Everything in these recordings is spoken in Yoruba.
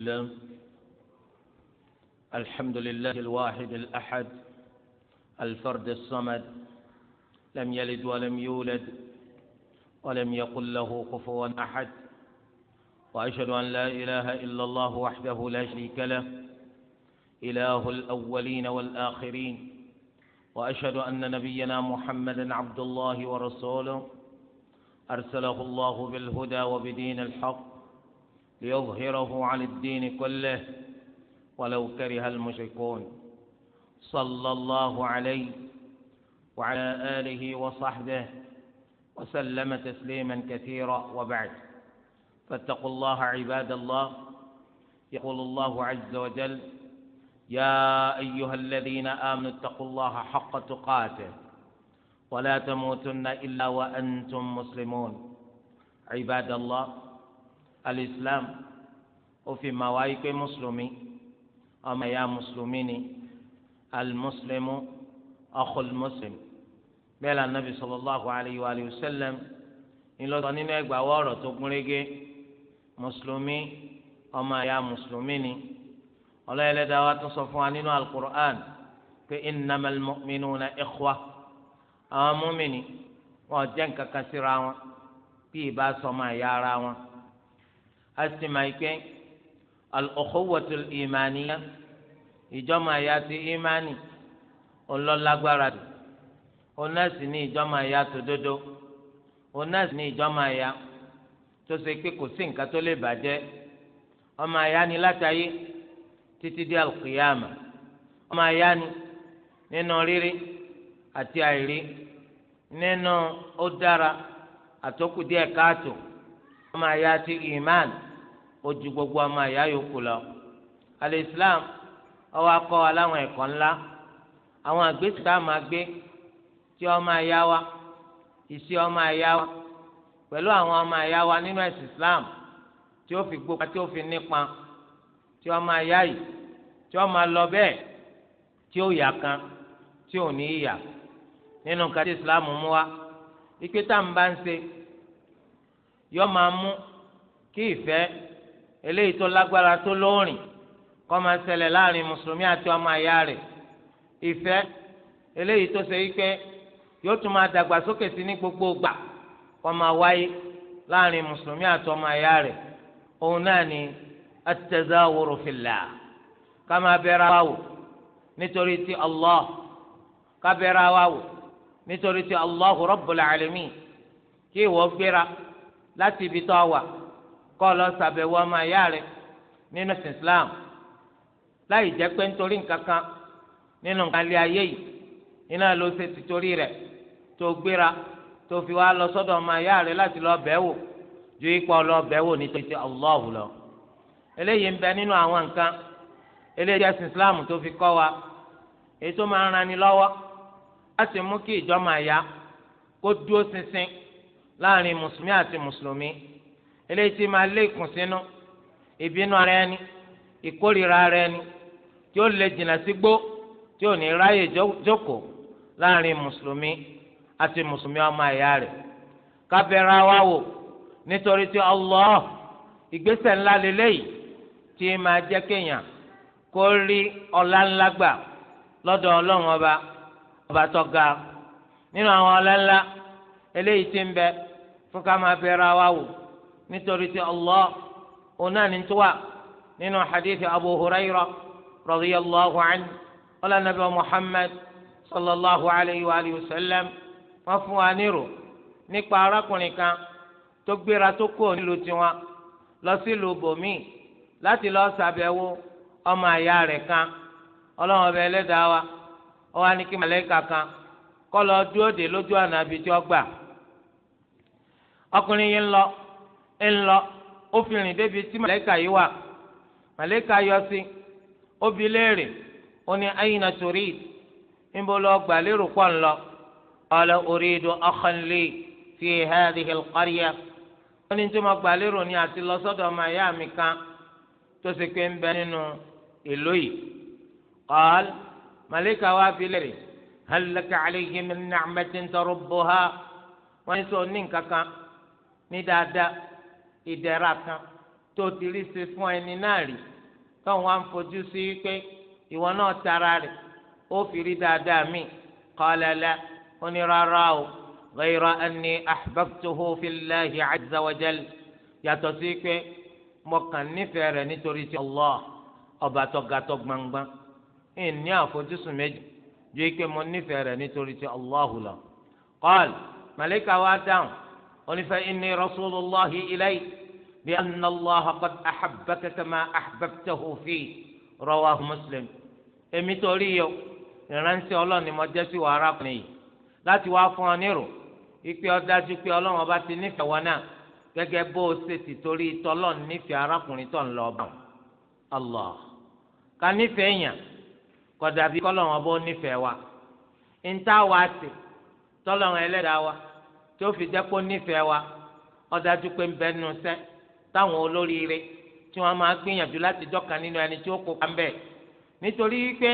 الله الحمد لله الواحد الأحد الفرد الصمد لم يلد ولم يولد ولم يقل له كفوا أحد وأشهد أن لا إله إلا الله وحده لا شريك له إله الأولين والآخرين وأشهد أن نبينا محمدا عبد الله ورسوله أرسله الله بالهدى وبدين الحق ليظهره عن الدين كله ولو كره المشركون صلى الله عليه وعلى آله وصحبه وسلم تسليما كثيرا وبعد فاتقوا الله عباد الله يقول الله عز وجل يا أيها الذين آمنوا اتقوا الله حق تقاته ولا تموتن إلا وأنتم مسلمون عباد الله alìsílám ó fi mà wáyé pé mùsùlùmí ọmọ ẹ̀yà mùsùlùmí ni alìmùsùlùmí ọ̀kùlùmùsùlùm bẹ́ẹ̀ la nàbì sallallahu alayhi wa sallam ńlọsọ nínú ẹgbàá wọ́ọ̀rọ̀ tó gúnrégé mùsùlùmí ọmọ ẹ̀yà mùsùlùmí ni ọlọ́yẹ̀lẹ́dàá wa tún sọ fún wa nínú alukur'an pé innamal mu'minuna ikhwa àwọn mùmìnì wọn jẹ́ nǹkan kan síra wọn bí ìbá sọmọ ẹ̀yà ara wọn asima ike al-ukhuwwatu al-imaniyya ìjọba àyà ti ìmánì ọlọ́lágbára dùn onasi ní ìjọba àyà tó dodo onasi ní ìjọba àyà tó ṣe pé kò sí nǹkan tó lè bàjẹ́ ọmọ àyà ni látàyé títí di al-qiyama ọmọ ni nínú rírí àti àìrí nínú ó dára àtọkù díẹ̀ káàtó ọmọ ti ìmánì ó ju gbogbo ọmọ ìyá yòókù lọ alẹ́ islam ọwọ́ akọ́ wa láwọn ẹ̀kọ́ ńlá àwọn àgbésí tá a máa gbé tí ọmọ ìyá wa ọmọ ìyá wa àwọn ọmọ ìyá nínú ẹ̀sìn islam tí ó fi gbópa tí ó fi nípa tí ọmọ ìyá yìí tí ó máa lọ bẹ́ẹ̀ tí ó yà kan tí ò ní yà nínú kàdé islam mú wa ìpè ń bá ń ṣe yọ máa mú kí ìfẹ́ eléyìí tó lágbára tó lóòrìn kọ́ máa ṣẹlẹ̀ láàrin mùsùlùmí àti ọmọ àyá rẹ̀ ìfẹ́ eléyìí tó ṣe wípé yóò tún máa dàgbàsókè sí ní gbogbo gbà kọ́ máa wáyé láàrin mùsùlùmí àti ọmọ àyá rẹ̀ òun náà ni at-tazawuru fillah ká máa bẹ̀rẹ̀ wa wò nítorí ti Allah ká bẹ̀rẹ̀ wa wò nítorí ti Allahu Rabbul Alamin kí ìwọ gbéra láti ibi tó a wà. kọ́ lọ ṣàbẹ̀wò ọmọ ìyá rẹ nínú Islam láì jẹ pé nítorí nkankan kan nínú nǹkan ayé yìí iná ló ṣe ti torí rẹ̀ tó gbéra fi wá lọ sọ́dọ̀ ọmọ rẹ láti lọ ju ipò lọ bẹ̀ wò nítorí ti Allah lọ eléyìí ń bẹ nínú àwọn nǹkan eléyìí Islam tó fi kọ́ wa máa ń rani láti mú kí ìjọ eléyìí tí máa lé ìkùnsínú ìbínú ara ẹni ìkórìíra ara ẹni tí ó lè jìnnà sí gbó tí ò ní ráyè jókòó láàrin mùsùlùmí àti mùsùlùmí ọmọ ẹ̀yà rẹ̀ ká wa wò nítorí tí Allah ìgbésẹ̀ ńlá lélẹ́yìí tí máa jẹ́ kéèyàn kó rí ọlá ńlá gbà lọ́dọ̀ ọlọ́run ọba ọba tó ga nínú àwọn ọlá ńlá eléyìí tí ń bẹ fún ká máa bẹ̀rẹ̀ wa wò nítorí tí Allah òun náà ní tó wà nínú hadith Abu Hurairah radiyallahu anhu wala nabi Muhammad sallallahu alayhi wa alihi wa sallam wọ́n fún wa nírò nípa arákùnrin kan tó gbéra tó kúrò nílùú tiwọn lọ sílùú bòmíì láti lọ ṣàbẹ̀wò ọmọ àyà rẹ̀ kan ọlọ́run ọbẹ̀ ẹlẹ́dàá wa ó wá ní kí màlẹ́kà kan kọ́ dúró dè lójú ọ̀nà tí ó gbà ọkùnrin yìí ń lọ ńlọ ó fi rìn débi tí màlẹ́kà yìí wà màlẹ́kà yọ sí ó bi léèrè ó ní ayna turid níbo lọ gbà lérò pọ̀ ńlọ qala uridu akhan li fi hadhihi alqarya ó ní tí mo gbà lérò ní àti lọ sọ́dọ̀ ọmọ ìyá mi kan tó ṣe pé ń bẹ nínú ìlú yìí qal màlẹ́kà wá bi léèrè hal laka alayhi min ni'matin tarubbuha wọ́n ní sọ ní nǹkan kan ní dáadáa ìdẹ̀ra kan tó ti rí ṣe fún ẹni náà rí tóun wá ń fojú sí pé ìwọ náà tara rẹ̀ ó fi rí dáadáa mi qala la ó ní rárá o ghayra anni ahbabtuhu fillahi azza wa jal yàtọ̀ sí pé mo kàn nífẹ̀ẹ́ rẹ̀ nítorí ti Allah ọba tó gbangban ìní àfojúsùn méjì ju ike mo nífẹ̀ẹ́ rẹ̀ nítorí ti Allah lọ. qala màlíkà wa dáhùn onífẹ́ inni rasulillahi ilayk bí anallaha qad ahabbaka kama ahbabtahu fi rawahu muslim èmi torí yẹ ìránṣẹ́ ọlọ́run ni mo jẹ́ sí wa arákùnrin yìí láti wá fún ọ nírò ìpè ọdájú pé ọlọ́run ọba ti nífẹ̀ẹ́ wọn náà gẹ́gẹ́ bó o ṣe ti torí tọ́lọ́run nífẹ̀ẹ́ arákùnrin tó ń lọ bọ̀ allah ká nífẹ̀ẹ́ yàn kọ̀dà bí kọ́lọ́run ọba ó nífẹ̀ẹ́ wa ń tá wa sí tọ́lọ́run ẹlẹ́dàá wa tí ó fi jẹ́ pé ó nífẹ̀ẹ́ wa ọ̀dájú pé ń bẹ nínú sẹ́ táwọn olóríire tí wọ́n máa gbìyànjú láti dọ́ka nínú ẹni tí ó kópa ń bẹ̀ nítorí pé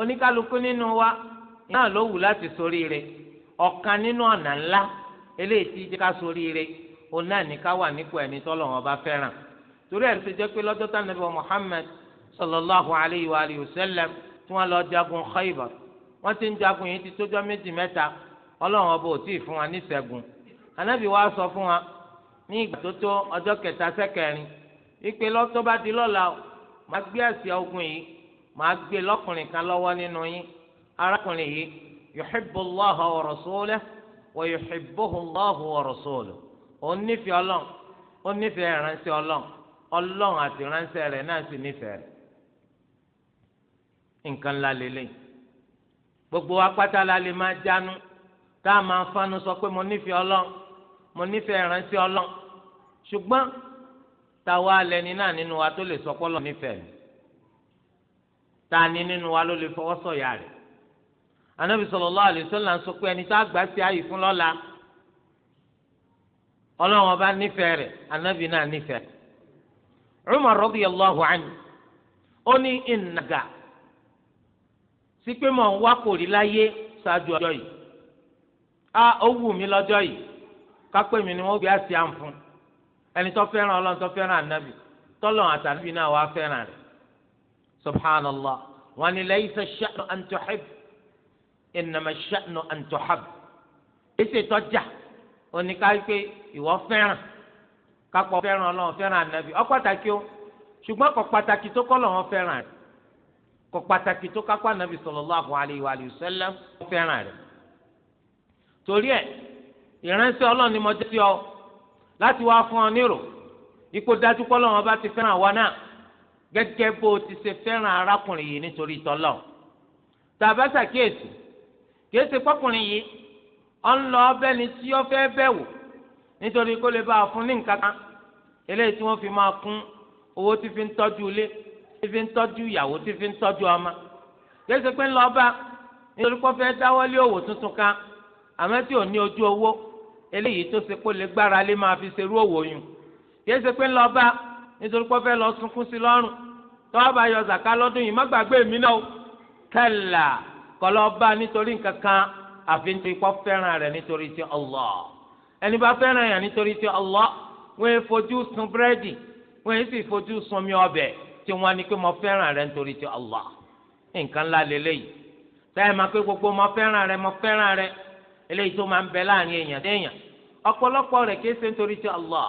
oníkálukú nínú wa náà ló wù láti soríire ọ̀kan nínú ọ̀nà ńlá eléyìí tí jẹ́ ká soríire òun náà ní ká wà nípò ẹni tọ́lọ̀ wọn bá fẹ́ràn torí ẹ̀ fi jẹ́ pé lọ́jọ́ tánàbí wa Muhammad sallallahu alayhi wa alihi wa sallam tí wọ́n lọ jagun Khaybar wọ́n ti ń jagun yìí ti tójọ́ méjì mẹ́ta ọlọ́run ọba ò tí ì fún wa níṣẹ́gun anábì wa sọ fún wa ní ìgbà tó tó ọjọ́ kẹta sẹ́kẹrin ìpè di lọ́la màá gbé àsíá ogun yìí màá gbé lọ́kùnrin kan lọ́wọ́ nínú yín arákùnrin yìí yuhibbu Allaha wa rasulahu Allahu wa rasuluhu òun nífẹ̀ẹ́ ọlọ́run nífẹ̀ẹ́ ìránṣẹ́ ọlọ́run ọlọ́run àti ìránṣẹ́ rẹ̀ náà sì nífẹ̀ẹ́ rẹ̀ nǹkan ńlá lélẹ̀ gbogbo la lè tá a máa fanu sọ pé mo nífẹ̀ẹ́ ọlọ́n mo nífẹ̀ẹ́ ìrántí ọlọ́n ṣùgbọ́n táwa lẹni náà nínú wa tó lè sọ pé ọlọ́n nífẹ̀ẹ́ mi tá a ní nínú wa ló lè fọwọ́ sọ̀yà rẹ̀ anabi sallallahu alaihi wasallam sọ pé ẹni tá a gbà sí ààyè fún lọ́la ọlọ́run ọba nífẹ̀ẹ́ rẹ̀ anabi náà nífẹ̀ẹ́ rẹ̀ Umar radiyallahu anhu ó ní ìnàgà sí pé mọ̀ ń wá kò rí láyé ṣáájú ọjọ́ yìí a ó wù mí lọ́jọ́ yìí kápẹ́ mi ni wọ́n gbé àṣì àǹfọ̀n ẹni tó fẹ́ràn ọlọ́run tó fẹ́ràn ànábì tọ́lọ̀ àtàbí náà wàá fẹ́ràn rẹ̀ subhanallah wọn ni laysa ash-sha'nu an tuhib innama ash èsì tọ́jà oníkàwé ìwọ fẹ́ràn kápọ̀ fẹ́ràn ọlọ́run fẹ́ràn ànábì ó pàtàkì o ṣùgbọ́n kò pàtàkì tó kọ́ lọ́wọ́ fẹ́ràn rẹ̀ kò pàtàkì tó kápọ̀ ànábì sallallahu torí ẹ̀ ìránṣẹ́ Ọlọ́run ni mo jẹ́ sí ọ láti wá fún ọ nírò ipò dájú pé Ọlọ́run bá ti fẹ́ràn wa náà gẹ́gẹ́ bó o ti ṣe fẹ́ràn arákùnrin yìí nítorí tọ́lọ̀ tàbá ṣàkíyèsí kìí ṣe pọ́kùnrin yìí ọ ń lọ ọbẹ̀ ni tí ó fẹ́ bẹ̀ wò nítorí kó lè bá a fún ní nǹkan kan eléyìí tí wọ́n fi máa kún owó tí fi ń tọ́jú ilé tí fi ń tọ́jú ìyàwó tí fi ń tọ́jú ọmọ kìí ṣe pé ń lọ bá nítorí kó fẹ́ dáwọ́lé òwò tuntun kan àmọ́ tí ò ní ojú owó eléyìí tó ṣe pé lè gbára lé máa fi ṣerú òwò yùn kì í ṣe pé ńlọ bá nítorí pé ó fẹ́ lọ sunkún sí lọ́rùn tọ́wọ́ bá yọ zàká lọ́dún yìí má gbàgbé mi náà kẹlà kọlọ́ bá nítorí nǹkan kan àfi nítorí pé fẹ́ràn rẹ̀ nítorí ti ẹni bá fẹ́ràn yàn nítorí ti sun búrẹ́dì wọ́n sì sun mi ọbẹ̀ eléyìí tó máa ń bẹ láàrin èèyàn déèyàn ọ̀pọ̀lọpọ̀ rẹ̀ kìí ṣe nítorí ti Allah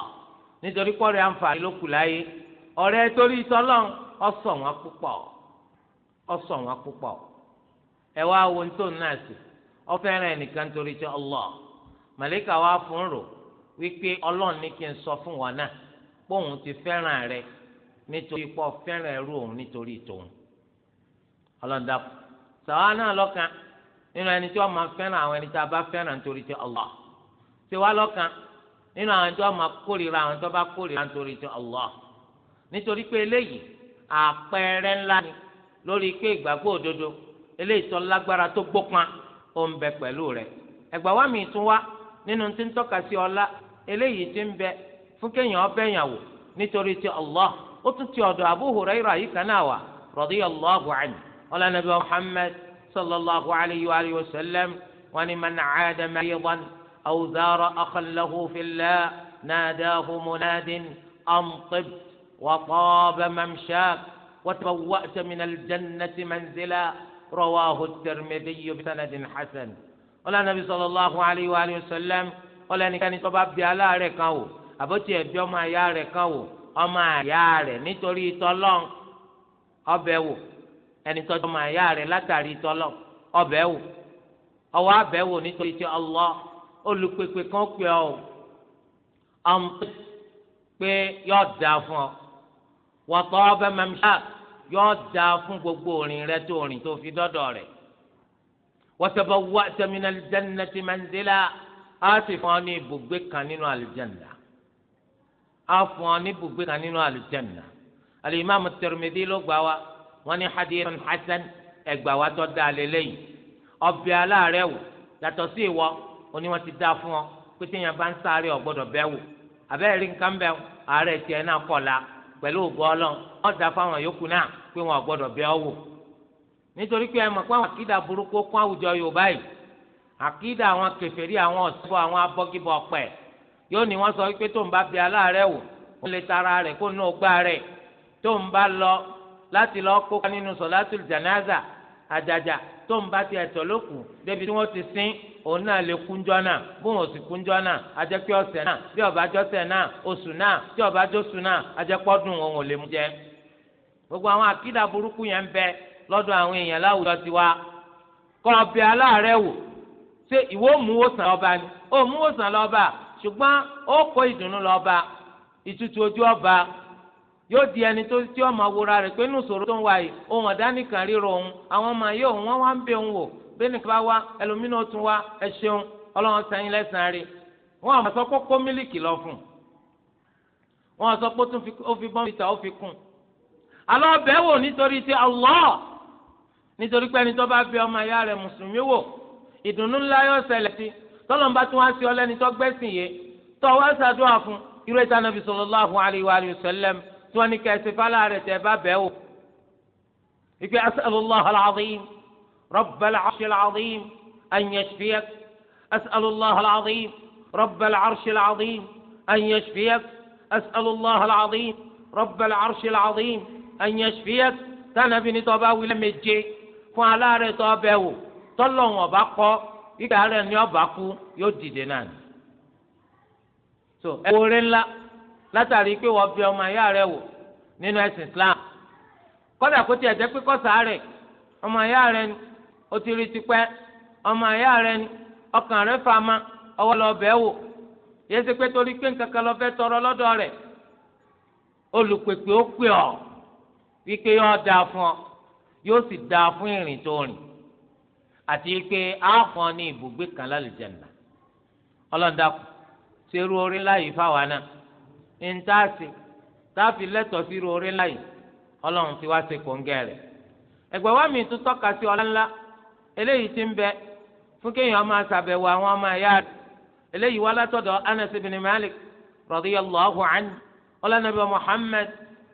nítorí pọ̀ rẹ̀ àǹfààní ló kù láyé ọ̀rẹ́ torí tọ́lọ́n ọsọ wọn púpọ̀ wọn púpọ̀ ẹ wá wo ní náà sí ẹnìkan torí ti Allah màlíkà wá fún rò wípé ọlọ́run ní ti fẹ́ràn rẹ nítorí fẹ́ràn ẹrú òun nítorí tòun ọlọ́run dàpọ̀ sàwọn nínú ẹni tí wọ́n máa fẹ́ràn àwọn ẹni tí a bá fẹ́ràn nítorí ti Allah ṣe wá lọ́kàn nínú àwọn tí wọ́n máa kórìíra àwọn tí wọ́n bá kórìíra nítorí ti Allah nítorí pé eléyìí àpẹẹrẹ ńlá ni lórí pé ìgbàgbọ́ òdodo eléyìí tó lágbára tó gbópọn ó ń bẹ pẹ̀lú wa tún wá nínú tí ń tọ́ka sí ọlá eléyìí ń Allah ó tún ti ọ̀dọ̀ náà wà Muhammad صلى الله عليه وآله وسلم ولمن عاد مريضا أو زار أخا له في الله ناداه مناد أم طبت وطاب ممشاك وتبوأت من الجنة منزلا رواه الترمذي بسند حسن ولا النبي صلى الله عليه وآله وسلم ولا نكاني طباب دي على ركاو أبوتي بيوم يا ركاو أما يا ركاو نتوري تولون أبوه ẹni tọ́jú ọmọ àyá rẹ̀ látàrí tọ́lọ̀ ọbẹ̀ wò ọwọ́ abẹ́ wò nítorí tí Allah olùpèpè kan pè ọ́ ọ̀n pé yóò dáa fún ọ wọ́tọ́ ọbẹ̀ mẹ́mísà yóò dáa fún gbogbo òrìn rẹ tó òrìn tó fi dọ́dọ̀ rẹ̀ wọ́tẹ́bọ̀ wá sẹ́mínà jẹ́nìnà tí mẹ́ńdílà á sì fún ọ ní ibùgbé kan nínú àlùjànnà á fún ọ ní ibùgbé kan nínú àlùjànnà Al-Imam Tirmidhi ló gbà wá wọ́n ní hadithun hasan ẹgbàá wa tọ́ da lélẹ́yìn ọbẹ̀ aláàárẹ̀ wò yàtọ̀ sí ìwọ oní wọn ti dá fún ọ pé téèyàn bá ń sáré ọ̀gbọ́dọ̀ bẹ́ wò àbẹ́rẹ́ rí nǹkan bẹ́ẹ̀ ààrẹ tiẹ̀ náà kọ̀la pẹ̀lú ògbọ́ ọlọ́run ọ̀dà fáwọn yòókù náà pé wọn ọ̀gbọ́dọ̀ bẹ́ ọ wò nítorí pé ẹ mọ̀ pé àwọn àkídà burúkú kún àwùjọ yorùbá yìí àkídà àwọn kèfèrí àwọn ọ̀sọ́ àwọn abọ́gibọ̀ ọ̀pẹ̀ yóò ní wọ́n sọ pé tó ń bá bẹ aláàárẹ̀ wò ó lè tara rẹ̀ kó nù ọgbà rẹ̀ tó ń bá lọ láti lọ kópa nínú sọ̀látùl jànáza àjàjà tó ń bá ti ẹ̀tọ́ ló débi tí wọ́n ti sin òun náà lè kúnjọ́ náà bóun ò sì kúnjọ́ náà ajẹ́pẹ́ ọ̀sẹ̀ náà bí ọba jọ́sẹ̀ náà oṣù náà tí ọba jọ́sù náà ajẹ́pọ́dún òun ò lè mú jẹ. gbogbo àwọn àkídà burúkú yẹn ń bẹ lọ́dọ̀ àwọn èèyàn láwùjọ tiwa kọ́ ọbẹ̀ aláàárẹ̀ wò ṣé ìwọ òmùwòsàn lọ́ba ni òmùwòsàn lọ́ba ṣùgbọ́n ó kó ìdùnnú lọ́ba ìtutù ojú ọba yóò di ẹni tó tí ọmọ awura rẹ pé nùsòro tó ń wáyé ohun ọ̀dánìkan ríro ohun àwọn ọmọ yóò wọ́n wá ń bẹ òun wò bẹ́ẹ̀ nìkan bá wá ẹlòmínú ó tún wá ẹ ṣeun ọlọ́run sẹ́yìn rí wọ́n àwọn sọ pé kó lọ fún wọ́n sọ pé ó fi bọ́n ó fi kún alọ́ wò nítorí ti pé ẹni tó bá ọmọ ìyá mùsùlùmí wò ìdùnnú ńlá yóò tí wọ́n ní ká ẹsẹ̀ fálá rẹ̀ tẹ̀ bá bẹ̀ wò. ìpè as'alullah al-azim rabbal arshi al-azim an yashfiyak as'alullah al-azim rabbal arshi al-azim an yashfiyak as'alullah al-azim rabbal arshi al-azim an yashfiyak tánàbí ni tọ́ bá wílẹ̀ méje fún aláàrẹ̀ tọ́ bẹ̀ o tọ́lọ̀ wọn bá kọ́ ìgbà rẹ̀ ni ọba kú yóò dìde nani so ẹ wọlé ńlá. látàrí pé wọ́n bẹ ọmọ ayá rẹ wò nínú ẹ̀sìn Islam kọ́dà kó tiẹ̀ jẹ́ pé kọ́sà rẹ̀ ọmọ ayá rẹ ni ó ti rí tipẹ́ ọmọ ayá rẹ ni ọkàn rẹ fama ọwọ́ lọ bẹ́ẹ̀ wò yẹ ṣe pé torí pé nǹkan kan lọ fẹ́ tọrọ lọ́dọ̀ rẹ̀ olùpèpè ó pè ọ́ wípé yóò dáa fún ọ yóò sì dáa fún ìrìn tó rìn àti pé á ní ibùgbé kan lálùjànnà ọlọ́dàkùn ṣerú orí láyé fáwa náà ntaasi táàfin lẹ́tọ̀ọ́ sí rori ńlá yìí ọlọ́run fi wá ṣe kòńgẹ́ rẹ̀ ẹgbẹ́ wa mi tún tọ́ka sí ọlá ńlá eléyìí ti ń bẹ fún kéèyàn máa ṣàbẹ̀wò àwọn ọmọ ẹ̀yà rẹ̀ eléyìí wá látọ̀dọ̀ Anas ibn Malik radiyallahu anhu ọlá nabi Muhammad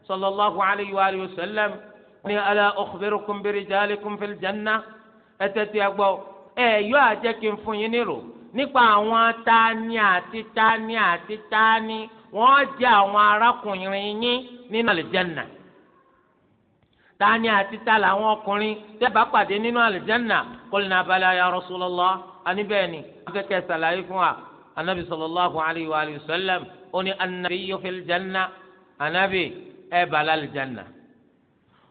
sallallahu alayhi wa alihi wa sallam ni ala ukhbirukum bi rijalikum fil janna ẹtẹtẹ ẹgbọ ẹ yọ àjẹkí fún yín nírò nípa àwọn tani àti tani àti tani. wọ́n jẹ́ àwọn arákùnrin yín nínú ta ni àti ta làwọn ọkùnrin tẹ́bà pàdé nínú àlùjánnà qulna bala ya Rasulullah aníbẹ̀ ni akẹ́kẹ́ sàlàyé fún wa anabi sallallahu alayhi wa sallam ó ní annabiyyu fil janna anabi ẹ̀ bàlá àlùjánnà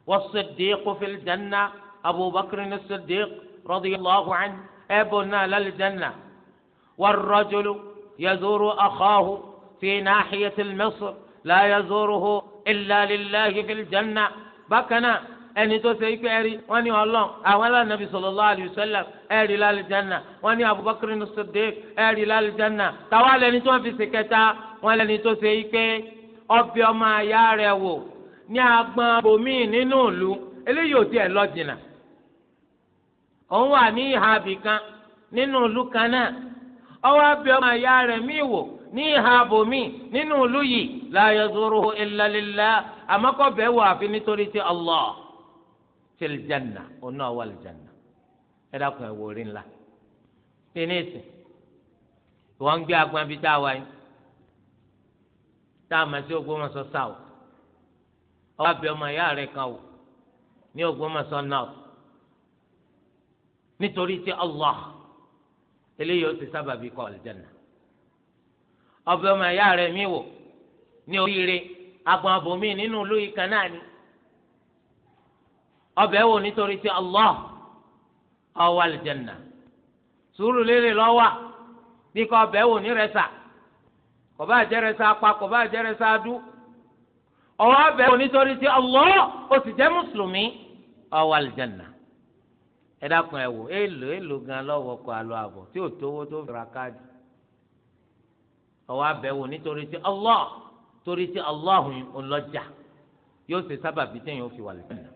was-siddiqu fil janna abubakar as-siddiq radiyallahu anhu ẹ̀ bọ̀ náà lálùjánnà war-rajulu yazuru akọ́hu. في ناحية المصر لا يزوره إلا لله في الجنة بكنا ẹni tó ṣe ikú ẹrí wọn ní Ọlọ́run àwọn alánàbí sallallahu alaihi wasallam ẹrí lálùjáná wọn ní Abubakar As-Siddiq ẹrí lálùjáná táwa lẹni tó ń fi ṣèkẹta wọn lẹni tó ṣe ikú ọbẹ ọmọ àyà rẹ wò ní agbọn bòmíì nínú ìlú eléyìí ò tiẹ̀ lọ jìnnà òun wà ní ìhà abìkan nínú ìlú kan náà ọwọ́ abẹ ọmọ àyà rẹ míì wò ní ìhà bòmí nínú ìlú yìí la yazuruhu illa lillah àmọ́kọ́ bẹ́ẹ̀ wọ àfi nítorí ti Allah til janna ọ̀nà wà lìjànà ẹ dákun ẹ wò rí ńlá tẹnisi wọ́n ń gbé agbọn bíi tá a wáyé tá a máa ṣe Ògbómọ̀ṣọ́ south ọwọ́ abẹ́ ọmọ ìyá rẹ̀ kan wò ní Ògbómọ̀ṣọ́ north nítorí ti Allah eléyìí ó ti sábà bí kọ́ àlìjànà ọbẹ̀ ọmọ ẹ̀yà rẹ̀ mi wò ní oríire agbọn abòmí nínú ìlú yìí kan náà ni ọbẹ̀ wò nítorí ti Allah ọwọ́ àlìjẹ̀nà sùúrù lérè lọ́wọ́ bí kò ọbẹ̀ wò ní rẹ̀ sà kò bá jẹ́rẹ̀ sá pa kò bá jẹ́rẹ̀ sá dú ọwọ́ ọbẹ̀ wò nítorí ti Allah ó sì jẹ́ mùsùlùmí ọwọ́ àlìjẹ̀nà ẹ dákun ẹ wò èèlò èèlò gan lọ́wọ́ kọ àlọ́ àbọ̀ tí ò tówó tó fìrà káàdì ọwọ́ abẹ́wò nítorí tí Allah torí tí Allah ọlọ́jà yóò ṣe sábàbí téèyàn fi wà lẹ́yìn.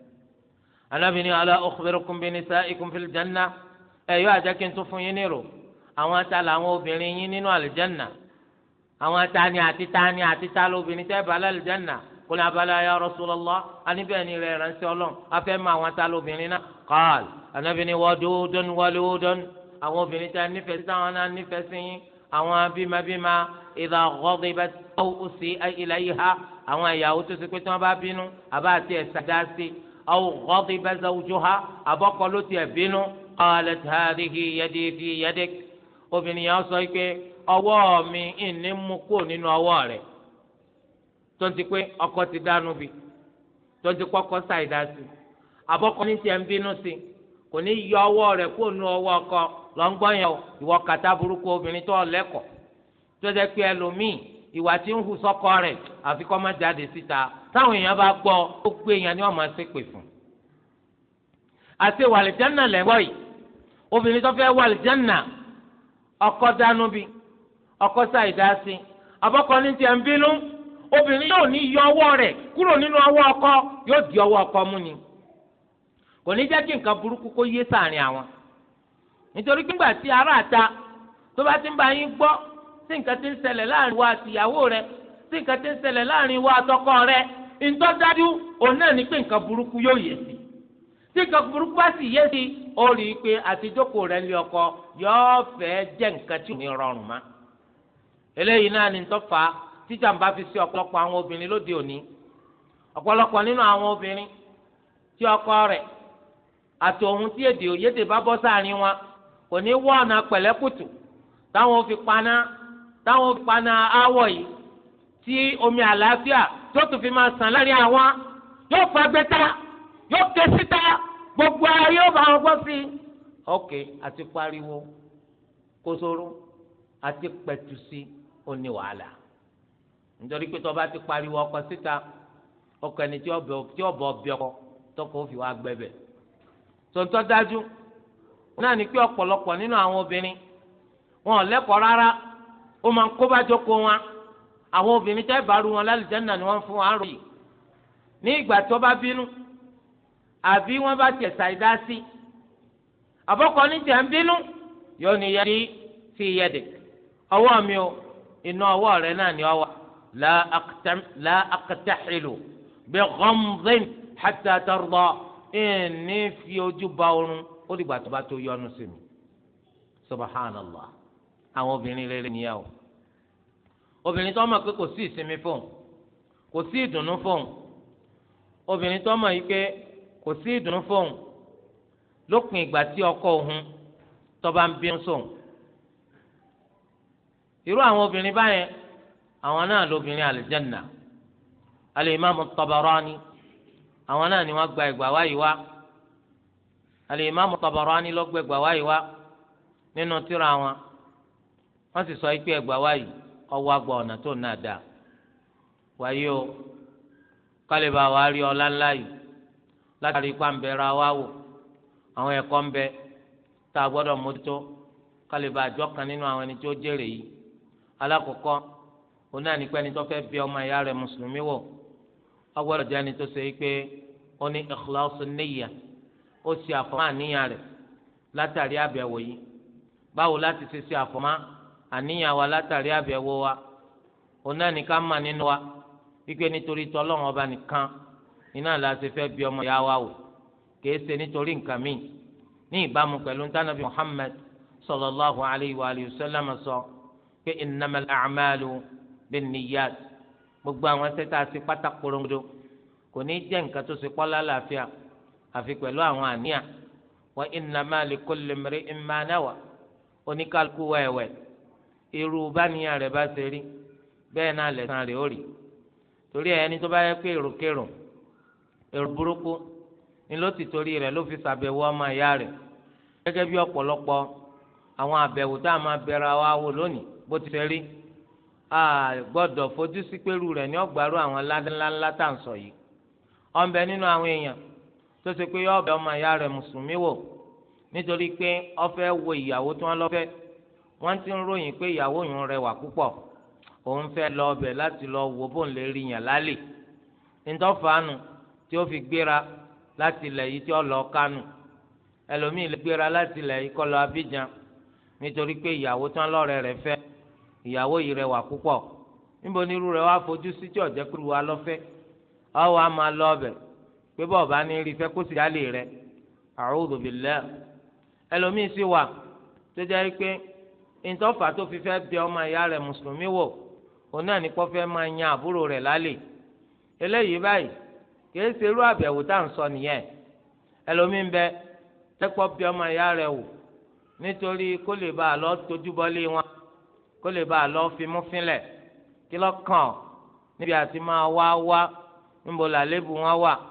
anábìíní ala ukhbirukum bi nisaikum fil janna ẹ̀yọ́ àjẹkí tún fún yín nírò àwọn ata làwọn obìnrin yín nínú àlìjánà àwọn ata ni àti ta ni àti ta lóbìnrin tẹ́ bá lálìjánà kò ní abala ya Rasulullah aníbẹ̀ ni rẹ̀ ránṣẹ́ ọlọ́run mọ àwọn ata lóbìnrin náà kọ́ọ̀l anábìíní wadudun waludun àwọn obìnrin tẹ́ nífẹ̀ẹ́ sí táwọn náà nífẹ̀ẹ́ sí yín àwọn bímabíma ìdá ọgọdìbà ọwọ sí ilà yìí ha àwọn ìyàwó tó ṣe pé tí wọn bá bínú àbá àti ẹsẹ dáṣe ọwọ ọgọdìbà zawjú ha àbọkọ ló tiẹ̀ bínú ọlẹ tààrí kì í yẹdi fi yẹdi obìnrin yẹn sọ pé ọwọ́ mi ìní mú kó nínú ọwọ́ rẹ̀ tó ti pé ọkọ ti dánú bi tó ti kọkọ ṣàìdá sí àbọkọ ní tiẹ̀ ń bínú sí kò ní yọ ọwọ́ rẹ̀ kó nínú ọwọ́ ọkọ. lọ́ngbọ́n yẹn o ìwọ kàtá burúkú obìnrin tó lẹ́kọ̀ọ́ tó jẹ́ pé ẹlòmíì ìwà tí ń hù sọ́kọ rẹ̀ àfi kọ́ má ni wọ́n máa fún. àti wàlìjánà lẹ́wọ́ yìí obìnrin tó fẹ́ ọkọ dánú bi ọkọ ṣàìdá sí abọ́kọ ní tiẹ̀ ń bínú yọ ọwọ́ rẹ̀ kúrò nínú ọwọ́ ọkọ yóò di ọwọ́ ọkọ mú ni kò ní jẹ́ kí nǹkan burúkú nítorí pé ńgbà tí ará àta tó bá ti ń bá yín gbọ́ sí nǹkan tí ń ṣẹlẹ̀ láàrin wa àtìyàwó rẹ sí nǹkan tí ń ṣẹlẹ̀ láàrin wa àtọkọ rẹ ìtọ́jáde òun náà ní pé nǹkan burúkú yóò yẹ sí tí nǹkan burúkú bá sì yẹ sí ó rí i pé àtijókòó rẹ lé ọkọ yóò fẹ́ jẹ́ nǹkan tí òun rọrùn má eléyìí náà ni tó fà á tíjà ń bá fi sí ọ̀pọ̀lọpọ̀ àwọn obìnrin lóde òní ọ̀pọ̀lọpọ̀ nínú àwọn obìnrin tí ọkọ rẹ̀ àti òun tí èdè bá bọ́ sáàrin wọn kò ní wọ ọ̀nà pẹ̀lẹ́kùtù táwọn fi paná táwọn fi paná áwọ̀ yìí tí omi àlàáfíà tó tún fi máa sàn láàrin àwọn yóò fagbẹ́ ta yóò ké síta gbogbo ara yóò bá wọn gbọ́ sí i. ok àti pariwo kòsòrò àti pẹ̀tù sí ó ní wàhálà nítorí pé tó ti pariwo ọkọ síta ọkọ ẹni tí ọbẹ ọbẹ ọkọ tọkọ ó fi wá gbẹbẹ tòǹtọ́ dájú. So, náà ni pé ọ̀pọ̀lọpọ̀ nínú àwọn obìnrin wọn ò lẹ́kọ̀ọ́ rárá ó máa ń kó bá jókòó wọn àwọn obìnrin tẹ́ bá rú wọn lálùjánnà ni wọ́n fún wọn rò yìí ní ìgbà tó bá bínú àbí wọ́n bá tẹ̀ ṣàìdá sí àbọ̀kọ ní tẹ̀ ń bínú yóò ní yẹ́dí fi yẹ́dì ọwọ́ mi o inú ọwọ́ rẹ náà ni ọ wà la akataxilu bi ghamdin hatta tarda ìní fi ojú ba oorun ó dìgbà tó bá tó yọnu sí mi subhanallah àwọn obìnrin rere nìyà o obìnrin tó mọ̀ pé kò sí ìsinmi fóun kò sí ìdùnnú fóun obìnrin tó mọ̀ yìí pé kò sí ìdùnnú fóun lópin ìgbà tí ọkọ òun tó bá ń bínú sóun irú àwọn obìnrin báyẹn àwọn náà lóbìnrin àlùjánnà al-Imam at-Tabarani àwọn náà ni wọ́n gba ìgbà wáyé wá. Wa alimami Tabarani ló gbé ẹgbàá wáyé wá nínú tírà wọn wọ́n sì sọ pé ẹgbàá wáyé ọwọ́ àgbà ọ̀nà tó náà dà wáyé o kálíbà wa rí ọlá ńlá yìí látàrí ipá ń wa wò àwọn ẹ̀kọ́ ń bẹ tá a gbọ́dọ̀ mójútó kálíbà àjọ kan nínú àwọn ẹni tí ó jèrè yìí alákọ̀ọ́kọ́ òun náà ní pé ẹni tó fẹ́ bí ọmọ ìyá rẹ̀ mùsùlùmí wò ó gbọ́dọ̀ jẹ́ ẹni tó ṣe é pé ó ní ikhlasun ó ṣe àfọmọ́ àníyàn rẹ̀ látàrí àbẹ̀wò yìí báwo láti ṣe ṣe àfọmọ́ àníyàn wa látàrí àbẹ̀wò wa òun náà ní ká mà nínú wa wípé nítorí tọ́lọ́run ọba nìkan iná la ṣe fẹ́ bí ọmọ ìyá wa wò kìí ṣe nítorí nǹkan míì ní ìbámu pẹ̀lú ntánàbí Muhammad sallallahu alayhi wa alihi wa sallam sọ pé innamal a'malu binniyat gbogbo àwọn ṣẹ́ta sí pátákó ṣe kọ́ àfi pẹ̀lú àwọn àníyàn wa innama likulli mri'in ma nawa oníkálukú wẹ̀wẹ̀ irú báníyàn rẹ̀ bá ṣe rí bẹ́ẹ̀ náà lẹ̀san rẹ̀ ó rí torí ẹni tó bá yẹ pé èròkèrò èrò burúkú ni ló ti torí rẹ̀ ló fi ṣàbẹ̀wò ọmọ ìyá rẹ̀ gẹ́gẹ́ bí ọ̀pọ̀lọpọ̀ àwọn àbẹ̀wò tá a máa bẹ̀rẹ̀ wa wò lónìí bó ti ṣe rí a gbọ́dọ̀ fojú sí pẹ̀lú rẹ̀ ní ọgbàrú àwọn ńláńlá tá à ń sọ yìí ọ̀nbẹ nínú àwọn èèyàn tó ṣe pé yọ ọbẹ̀ ọmọ ìyá rẹ̀ mùsùlùmí wò nítorí pé ọfẹ́ wo ìyàwó tí wọ́n lọ́fẹ́ wọ́n ti ń ròyìn pé ìyàwó yìí rẹwà púpọ̀ òun fẹ́ lọ ọbẹ̀ láti lọ wò bóun lè rí yàn lálẹ́ ntọ́fàánù tí ó fi gbéra láti ilẹ̀ yìí tí ó lọ kánù ẹlòmíì lè gbéra láti ilẹ̀ yìí kó lọ Abidjan nítorí pé ìyàwó tán lọ́rẹ̀ rẹ̀ fẹ́ ìyàwó yìí rẹwà púpọ̀ níbo ni irú rẹ̀ wá fojú sí tí ọ̀jẹ̀ pẹ̀lú wa lọ́fẹ́ ọ̀ wá máa lọ ọbẹ̀ pé bọ́ọ̀ bá ní rí fẹ́ kó sì yálè rẹ a'udhu billah ẹlòmíì sì wà tó jẹ́ pé ìtọ́fà tó fi fẹ́ bẹ ọmọ ìyá rẹ̀ mùsùlùmí wò òun náà ní kó fẹ́ máa yan àbúrò rẹ̀ lálè eléyìí báyìí kìí ṣe irú àbẹ̀wò tá à ń sọ nìyẹn ẹlòmíì bẹ tẹ́kọ̀ bẹ ọmọ ìyá rẹ̀ wò nítorí kó lè bá a lọ tójúbọ́lé wọn kó lè bá a lọ fimú fínlẹ̀ kí lọ́kàn níbi àti máa wá wá níbo làlébù wọn wà. Wa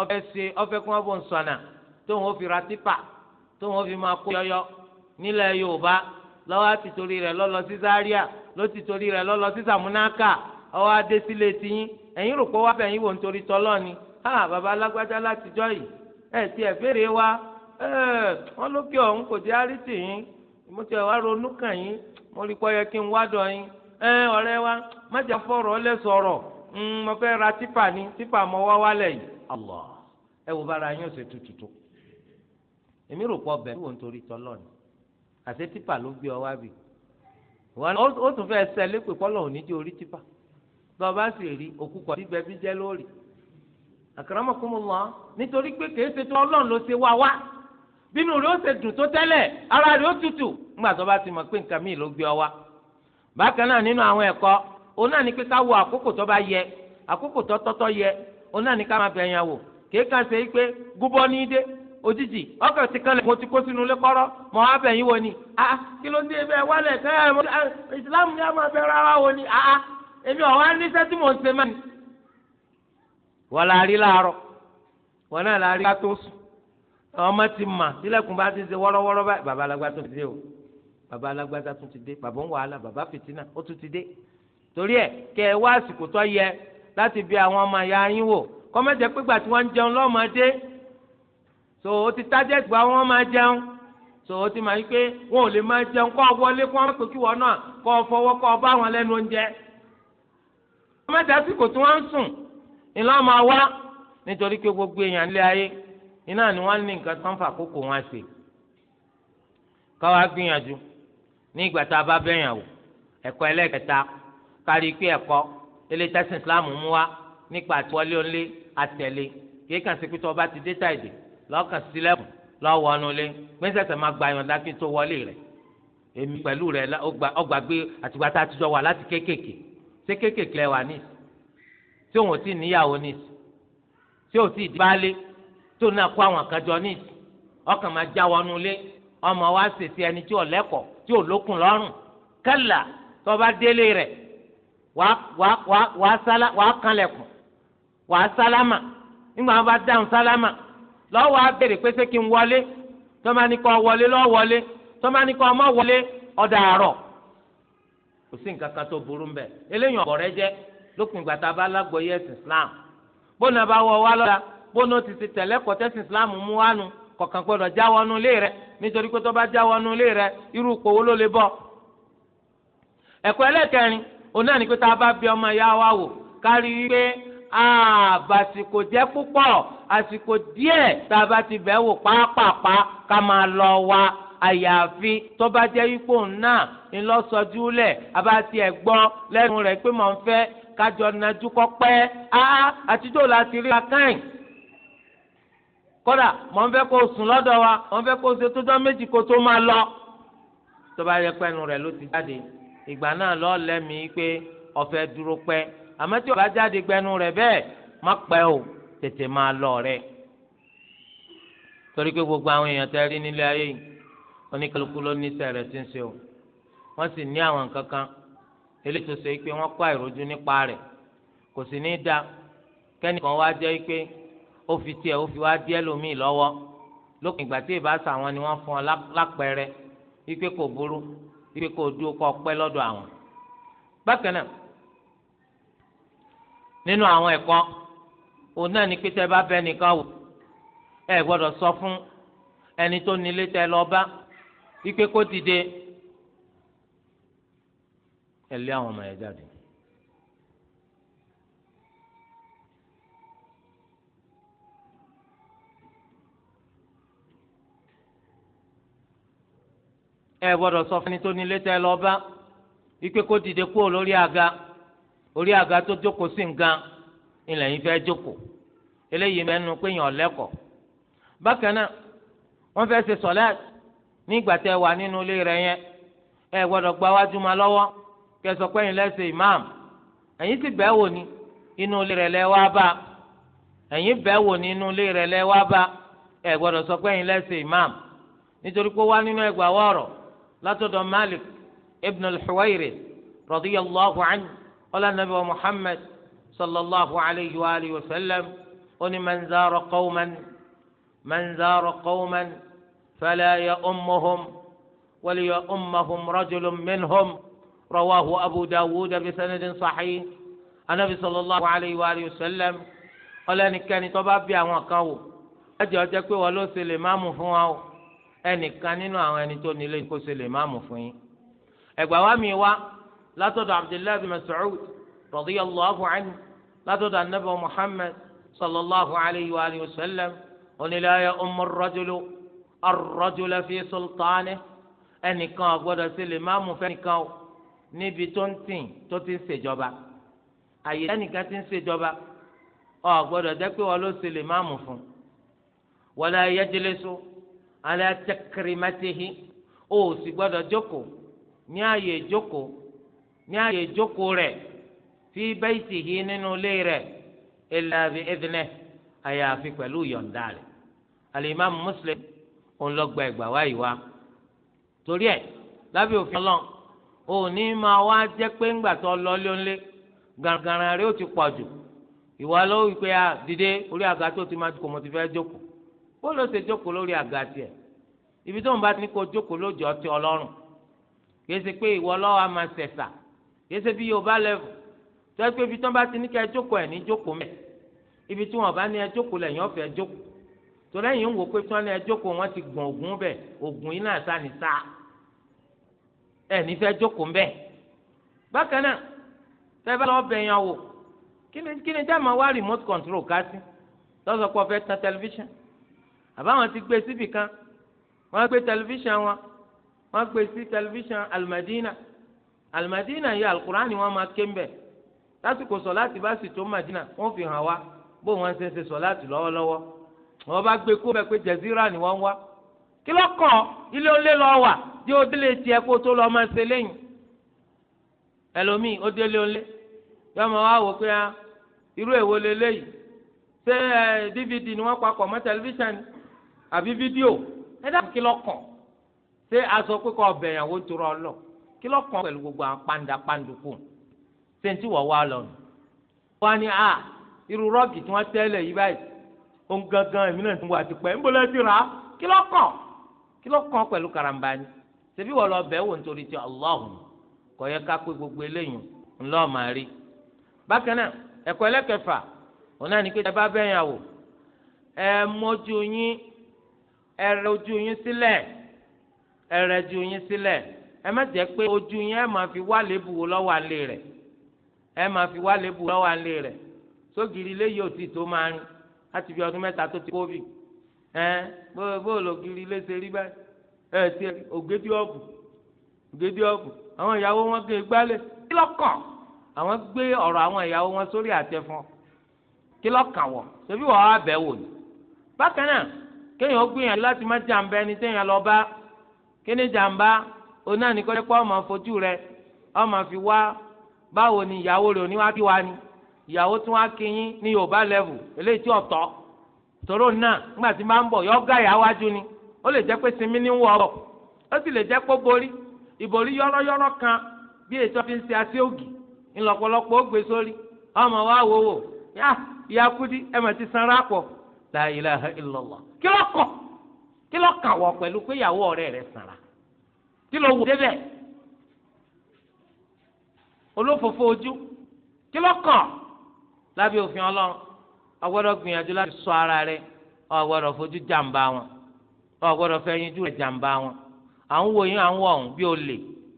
ọfẹ́ ṣe ọfẹ́ kí wọ́n bò tó fi ra tipa tó wọn fi máa kó yọyọ nílẹ̀ Yorùbá ti rẹ rẹ̀ sí Zaria ló ti torí rẹ̀ lọ́lọ́ sí Sàmúnákà ọwọ́ adé sílé tiyín rò pé wá wò ni ha bàbá alágbájá látijọ́ yìí ẹ̀ ẹ̀ fèrè wa kò dé mo ti wá ronú kàn yín mo wa má allah ẹ wo bára yín ọ̀sẹ̀ tutù èmi rò pọ̀ bẹ́ẹ̀ wò torí ni àti tipa ló gbé ọ wá bì ó tún fẹ́ sẹ́ lépè kọ́lọ̀ òní orí tipa bá bá sì rí òkú kọ́ bíbẹ bí jẹ́ lórí akramakumullah nítorí pé kìí ṣe tó ọlọ́run ló ṣe wá wá bínú ó ṣe dùn tó ara ó tutù tó bá òun náà ní ká máa bẹ̀yàn wò kéèkà ṣe pé gúbọ́ ní dé òjijì ọkọ̀ ti kan lẹ̀ mo ti kó sínú ilé kọ́rọ́ mọ̀ á bẹ̀yìn wò ni ah, ah kí ló ń dé ibẹ̀ wálẹ̀ káyà mo ah, ìsìlámù ni a máa bẹ̀rẹ̀ ara wò ni ah, ah èmi ọ̀wá níṣẹ́ tí mò ń ṣe mẹ́ni. wọ́n la rí láàárọ̀ wọ́n náà la rí ká tó sùn àwọn ọmọ ti mà sílẹ̀kùn bá ti ṣe wọ́rọ́wọ́rọ́ báyìí bàbá alágbá tó ti dé o bàbá alágbá tó ti dé bàbá ń wàhálà bàbá fìtínà ó tún ti dé torí ẹ̀ kẹ́ wá àsìkò tó yẹ láti bí àwọn ọmọ ìyá yín wò kọ́mẹ́jẹ pé gbà tí wọ́n ń jẹun lọ́mọdé so ó ti target gba wọn máa jẹun so ó ti máa yí pé wọn ò lè máa jẹun kọ́ wọlé kọ́ pé kí wọn náà kọ́ fọwọ́ kọ́ bá wọn lẹ́nu oúnjẹ. kọ́mẹ́jẹ àsìkò tí wọ́n ń sùn ńlá máa wá nítorí pé gbogbo èèyàn lé ayé iná ni wọ́n ní nǹkan tó ń fà kókò wọn ṣe káwa gbìyànjú ní ìgbà tá a bá bẹ̀yàn wò ẹ̀kọ́ ẹlẹ́kẹta kárí pé ẹ̀kọ́ eléyìí tẹ́sán islam mú wa nípa àtiwọlé onílé àtẹ̀lé kìí kàn sí pé tó o bá ti dé tàìdì lọ́kàn sílẹ̀kùn lọ́wọ́ ọ̀nulé gbẹ́sẹ̀sẹ̀ máa gba àyàn dákí tó wọlé rẹ̀ èmi pẹ̀lú rẹ̀ ọgbàgbé àtìgbà tá a ti jọ wà láti kéékèèké ṣé kéékèèké lẹ wà níìsì tí òun ò tí ì níyàwó níìsì tí ò tí ì dìbálé tó náà kó àwọn kan jọ níìsì ọkàn máa já wọnulé ọmọ wa ṣèṣe ẹni tí ò lẹ́kọ̀ọ́ tí ò lókun lọ́rùn kálà tó bá délé rẹ̀ wa kanlẹ̀kùn wàá sálámà nígbà wọn bá dáhùn sálámà lọ́wọ́ á béèrè pé ṣé kí n wọlé tọ́mọ ní kọ́ wọlé lọ́wọ́ wọlé tọ́mọ ní kọ́ ọmọ wọlé ọ̀dà àárọ̀ kò sí nǹkan kan tó burú mbẹ eléyìí ọ̀bọ̀ rẹ jẹ́ lópin ìgbà tá a bá lágbóyè ẹ̀sìn Islam bóun bá wọ wá lọ́la ti ti tẹ̀lé kọ́tẹ́sìn Islam mú wánu kọ̀ọ̀kan gbọ́dọ̀ jáwọ́ nu ilé òun náà ní pé tá a bá bí ọmọ ìyá wa wò kárí wípé àbàsìkò jẹ́ púpọ̀ àsìkò díẹ̀ tá a bá ti bẹ̀ wò pápápá ká máa lọ wa àyàfi tó bá jẹ́ wípé òun náà ń lọ sọjú lẹ̀ abáti ẹ̀ gbọ́ lẹ́nu rẹ̀ pé mò ń fẹ́ kájọ nájú kọ́ pẹ́ á àtijọ́ láti rí akáyìn kódà mọ̀ ń fẹ́ kó sùn lọ́dọ̀ wa mọ̀ ń fẹ́ kó ṣe tó méjì kó tó máa lọ tó bá yẹ pẹ́nu rẹ̀ ló ti jáde ìgbà náà lọ lẹ́mìí pé ọ̀fẹ́ dúró pẹ́ àmọ́ tí o bá jáde gbẹnu rẹ̀ bẹ́ẹ̀ má pẹ́ o tètè máa lọ rẹ̀ torí pé gbogbo àwọn èèyàn tẹ́ rí nílé ayé yìí oníkálukú ló ní sẹ̀rẹ̀ tí ń ṣe o wọ́n sì ní àwọn nǹkan kan eléyìí tó ṣe pé wọ́n kó àìrójú nípa rẹ̀ kò sì ní í da kẹ́nìkan wá jẹ́ pé ó fi tiẹ̀ ó fi wá díẹ̀ lómi lọ́wọ́ lópin ìgbà tí ìbáṣà wọn ni wọ́n fún ọ lápẹẹrẹ wípé kò burú ibi kò dúró kọ pẹ́ lọ́dọ̀ àwọn. bákan náà nínú àwọn ẹ̀kọ́ òun náà ní pété bá fẹ́ nìkan wò ẹ gbọ́dọ̀ sọ fún ẹni tó nílé tẹ lọ bá wípé kó dìde ẹ lé àwọn ọmọ yẹn jáde ẹ gbọdọ sọ fún ẹni tó nílé lọ bá wípé kó dìde kúrò lórí àga orí àga tó jókòó sí nǹkan ilẹ̀ yìí fẹ́ jókòó eléyìí mẹ́nu pé yàn lẹ́kọ̀ọ́ bákan náà wọ́n fẹ́ ṣe sọ̀lẹ́ nígbà wà nínú ilé rẹ yẹn ẹ gbọ́dọ̀ gba wájú ma lọ́wọ́ kẹsọ lẹ́sẹ̀ imam ẹ̀yin sì bẹ́ẹ̀ wò ní inú ilé rẹ lẹ́ wá bá bẹ́ẹ̀ wò n'i inú ilé rẹ lẹ́ wá látọ̀dọ̀ malik ibn al-huwayrith radiyallahu anhu qala nabi wa muhammad sallallahu alayhi wa alihi wa sallam oni man zara qawman man zara qawman fala ya ummuhum wali ya ummahum rajulun minhum rawahu abu dawud bisanadin sahih anabi sallallahu alayhi wa alihi wa sallam qala nìkan ni tó bá bí àwọn kan wò ẹjọ jẹ pé wọn ló ṣe lè má mú fún wa o ẹnìkan nínú àwọn ẹni tó nílé kó ṣe lè má mú fún yín ẹgbàá wa mi wá látọ̀dọ̀ abdullahi bin mas'ud radiyallahu anhu látọ̀dọ̀ anabi muhammad sallallahu alayhi wa alihi wa sallam onílàyà ummu ar-rajulu ar-rajula fi sultanihi ẹnìkan ọ̀gbọ́dọ̀ ṣe lè má mú fẹ́ nìkan o níbi tó ń tì tó ti ń ṣèjọba àyè ẹnìkan ti ń ṣèjọba ọ̀gbọ́dọ̀ jẹ́ pé ló ṣe lè má mú fún wala yajlisu. ala takrimatihi o sì gbọ́dọ̀ jókòó ní ààyè jókòó fi baytihi nínú ilé rẹ̀ illa bi àyàfi pẹ̀lú yọ̀ǹda rẹ̀ alimam Muslim òun ẹgbà wá ìwà torí o lábẹ́ òfin Ọlọ́run òní máa wá jẹ́ pé ńgbà tó lọ lónlé gàràngàrà rẹ̀ ó ti pọ̀ jù ìwà lọ́wọ́ ìpè orí ti ti fẹ́ jókòó bóòlù ṣe jókòó lórí àga tiẹ̀ ibi tó ń bá ti ní kó jókòó lójú ọtí ọlọ́run kìí ṣe pé ìwọ lọ́wọ́ a máa ṣẹ̀ṣà kìí ṣe bí yorùbá lẹ́fù tó ẹ pé ibi tó ń bá ti ní ká ẹ jókòó ẹ̀ ní jókòó mẹ́ ibi tí wọn bá ní ẹ jókòó lẹ́yìn ọ̀fẹ́ jókòó torí ẹ̀yìn ń wò pé tí wọ́n ní ẹ jókòó wọn ti gbọ̀n ògùn bẹ̀ ògùn iná ẹ̀sà ní sá ẹ̀ ní fẹ́ jókòó mbẹ́ bákan náà tẹ́ bá lọ́ọ́ remote control ká sí lọ́sọ̀kọ́ fẹ́ tan àbáwọn ti gbé síbì kan wọ́n gbé tẹlifíṣàn wọn wọ́n gbé sí tẹlifíṣàn alimadina alimadina yìí alukuraani wọ́n máa ké mbẹ lásìkò sọláàtì bá sì tó madina wọ́n fi hàn wá bó wọ́n ṣe ń ṣe sọláàtì lọ́wọ́lọ́wọ́ wọ́n bá gbé kó bẹ pé jẹzira ni wọ́n wá kí ló kàn ilé olé lọ wà tí ó délé tiẹ̀ kó tó lọ máa ṣe lẹ́yìn ẹlòmíì ó délé olé yọmọ wa wò pé ah, irú èwo lélẹyìí ṣé dvd ni wọ́n papọ̀ mọ́ tẹlifíṣàn ni àbí fídíò ẹ dábàá kí lọ́kàn ṣé aṣọ pípa ọbẹ̀ ìyàwó ń torọ ọlọ kí lọ́kàn pẹ̀lú gbogbo àwọn pàǹdà pàǹdùkù ṣé ní tí wọ́n wá lọ nù. wọ́n ní a irú rọ́ọ̀gì tí wọ́n tẹ́lẹ̀ yí báyìí ohun gangan èmi náà ti wà tipẹ́ ń bọ́lá ti rà á kí lọ́kàn kí lọ́kàn pẹ̀lú karambani ṣebí wọ́n lọ bẹ̀wò nítorí ti Ọlọ́hun kò yẹ ká pé gbogbo eléyìí ńlọ́ọ̀ máa rí. bákan náà ẹ̀kọ́ ẹlẹ́kẹ̀fà òun náà ní pé ẹ bá bẹ́yàwó ẹ mọ́jú yín Ere rẹ ojú yín sílẹ̀ ẹ rẹ ojú yín sílẹ̀ ẹ má pé ojú yín ẹ máa fi wá lébu wo lọ́wọ́ wa ẹ máa fi wá lébu wo lọ́wọ́ alẹ́ rẹ̀ sógiri ilé ti tó máa rìn láti fi ọdún tó ti kobi. ẹ bóòlù ilé ṣe rí báyìí ẹ ti ògédé ògédé àwọn ìyàwó wọn kí àwọn gbé àwọn ìyàwó wọn sórí kí kéèyàn gbìyànjú láti má jàǹbá ẹni téèyàn lọ bá kíni jàǹbá oní àníkọ́jẹ́ pé ọmọ fojú rẹ ọmọ fi wá báwo ni ìyàwó rẹ oníwájú ni ìyàwó tí wọ́n á kí yín ní yorùbá lẹ́vù eléyìí tí ọ̀tọ̀ tòró náà nígbà tí máa ń bọ̀ yọ́gá ìyáwájú ni ó lè jẹ́ pé sinmi ní kan bí ètò fi ń ṣe ògì ńlọpọlọpọ ó gbé sórí ọmọ wa wò wò yá ìyá kudi ẹ̀ mà ti sanra pọ̀ la ilaha illallah kí ló kọ kí ló kàwọ pẹ̀lú pé ìyàwó ọ̀rẹ́ rẹ̀ sàrà kí ló wù débẹ̀ olófòfò ojú kí ló kàn lábẹ́ òfin Ọlọ́run ọgbọ́dọ̀ gbìyànjú láti ṣọ́ ara rẹ̀ ọgbọ́dọ̀ fojú jàǹbá wọn ọgbọ́dọ̀ fẹ̀yìnjú rẹ̀ jàǹbá wọn à ń wò yín à ń wọ ọhún bí o lè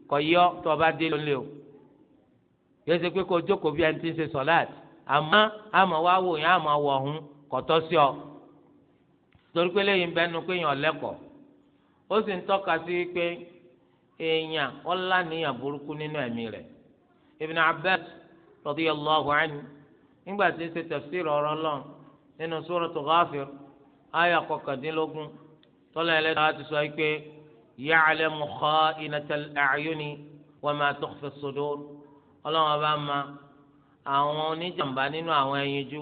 kọ yọ tó o bá dé lónìí o yẹ ṣe pé kó o jókòó bí ẹni tí ń ṣe sọláàtì àmọ́ àmọ́ wá wò yín àmọ́ wọ ọhún kọ̀tọ́ sí ọ torí pé lẹ́yìn ń bẹnu pé èèyàn lẹ́kọ̀ọ́ ó sì ń tọ́ka sí pé èèyàn ọ̀la níyàn burúkú nínú ẹ̀mí rẹ̀ Ibn Abbas radiyallahu anhu nígbà tí ń ṣe tafsir ọ̀rọ̀ lọ́n nínú suratu Ghafir aya kọkàndínlógún tọ́lá ẹlẹ́dàá ti sọ pé ya'lamu kha'inatal a'yuni wa ma tukhfi as-sudur ọlọ́run ọba ma àwọn oníjàmbá nínú àwọn ẹyinjú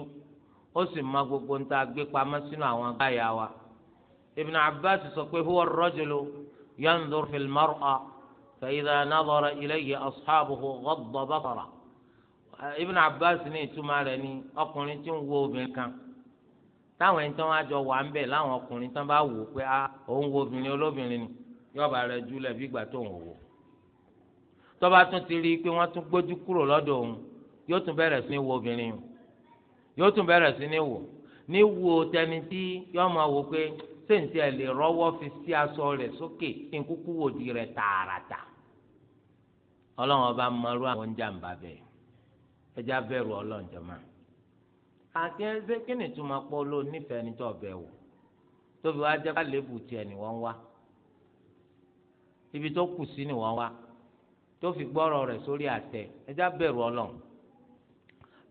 ó sì ma gbogbo ń ta gbé pamọ́ sínú àwọn agbáya wa Ibn Abbas sọ pé huwa ar-rajulu yanzur fil mar'a fa idha nadhara ilayhi ashabuhu ghadda basara Ibn Abbas ní ìtumọ̀ rẹ̀ ni ọkùnrin tí ń wo obìnrin kan táwọn ẹni tí wọn àjọ wà ń bẹ láwọn ọkùnrin tán bá wò pé ah, òun wo obìnrin olóbìnrin ni yọba rẹ̀ júlẹ̀ bí ìgbà tó ń wò tọ́ba tún ti rí i pé wọ́n tún gbójú kúrò lọ́dọ̀ òun yóò tún bẹ̀rẹ̀ sí ní wo obìnrin yìí yóò tún bẹ̀rẹ̀ sí ní wò ní wo tẹni tí yóò máa wò pé sèǹtì ẹ̀ lè rọ́wọ́ fi sí aṣọ rẹ̀ sókè kí n kúkú wò di rẹ̀ tààràtà ọlọ́run ọba mọ̀rú àwọn jàǹbá bẹ́ẹ̀ ẹja bẹ̀rù ọlọ́run jọ̀mọ́ àti ẹsẹ̀ kí ni tún máa pọ̀ ló nífẹ̀ẹ́ ní tọ́ọ̀bẹ̀ wò tóbi wá jẹ́ kálébù tiẹ̀ ni wọ́n wá ibi tó kù sí ni wọ́n wá tó fi gbọ́rọ̀ rẹ̀ sórí àtẹ ẹja bẹ̀rù ọlọ́run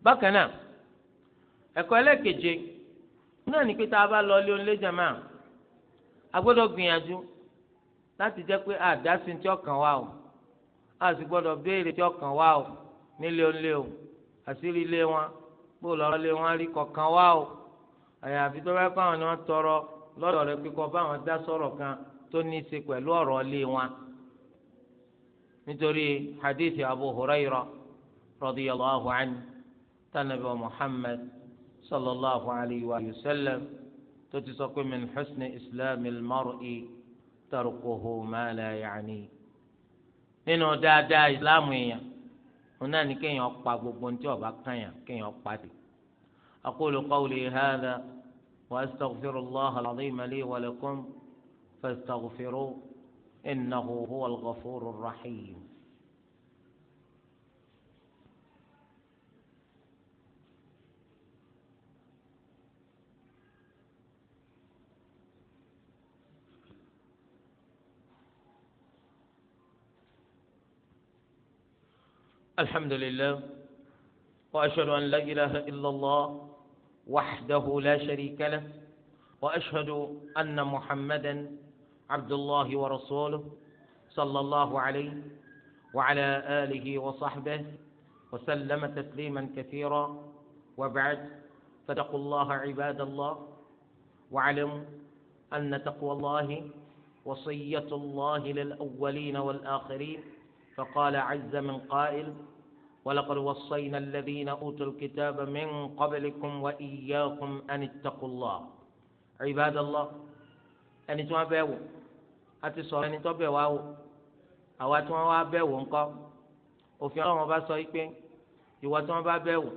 bákan náà ẹ̀kọ́ ẹlẹ́keje náà ní pé tá a bá lọ ilé onílé jàmá a gbọ́dọ̀ gbìyànjú láti jẹ́ pé àdásí tí ọkàn wà o a sì gbọ́dọ̀ béèrè tí ọkàn wà o nílé onílé o àṣírí ilé wọn bó lọ́rọ́ lé wọn rí kọ̀ọ̀kan wà o àyàfi tó bá kọ́ àwọn ni wọ́n tọrọ lọ́dọ̀ rẹ pé kó bá wọn dá sọ̀rọ̀ kan tó ní í ṣe pẹ̀lú ọ̀rọ̀ ilé wọn nítorí hadithi abu hurairah radiyallahu anhu tanabi wa muhammed. sallallahu alayhi wa sallam tó ti sọ pé min husni islamil mar'i tarkuhu ma la ya'ni nínú dáadáa ìsìláàmù èèyàn òun náà ní kéèyàn pa gbogbo ní tí ó bá kànyàn kéèyàn pa dé. أقول قولي هذا وأستغفر الله العظيم لي ولكم فاستغفروه إنه هو الغفور الرحيم الحمد لله وأشهد أن لا إله إلا الله وحده لا شريك له وأشهد أن محمدا عبد الله ورسوله صلى الله عليه وعلى آله وصحبه وسلم تسليما كثيرا وبعد فاتقوا الله عباد الله واعلموا أن تقوى الله وصية الله للأولين والآخرين فقال عز من قائل ولقد وصينا الذين أوتوا الكتاب من قبلكم وإياكم أن اتقوا الله عباد الله ẹni tí wọn bẹ wò a ti sọ ẹni tó bẹ wá wò àwa tí wọn wá bẹ wò ńkọ́ òfin Ọlọ́run bá sọ pé ìwọ tí wọn bá bẹ wò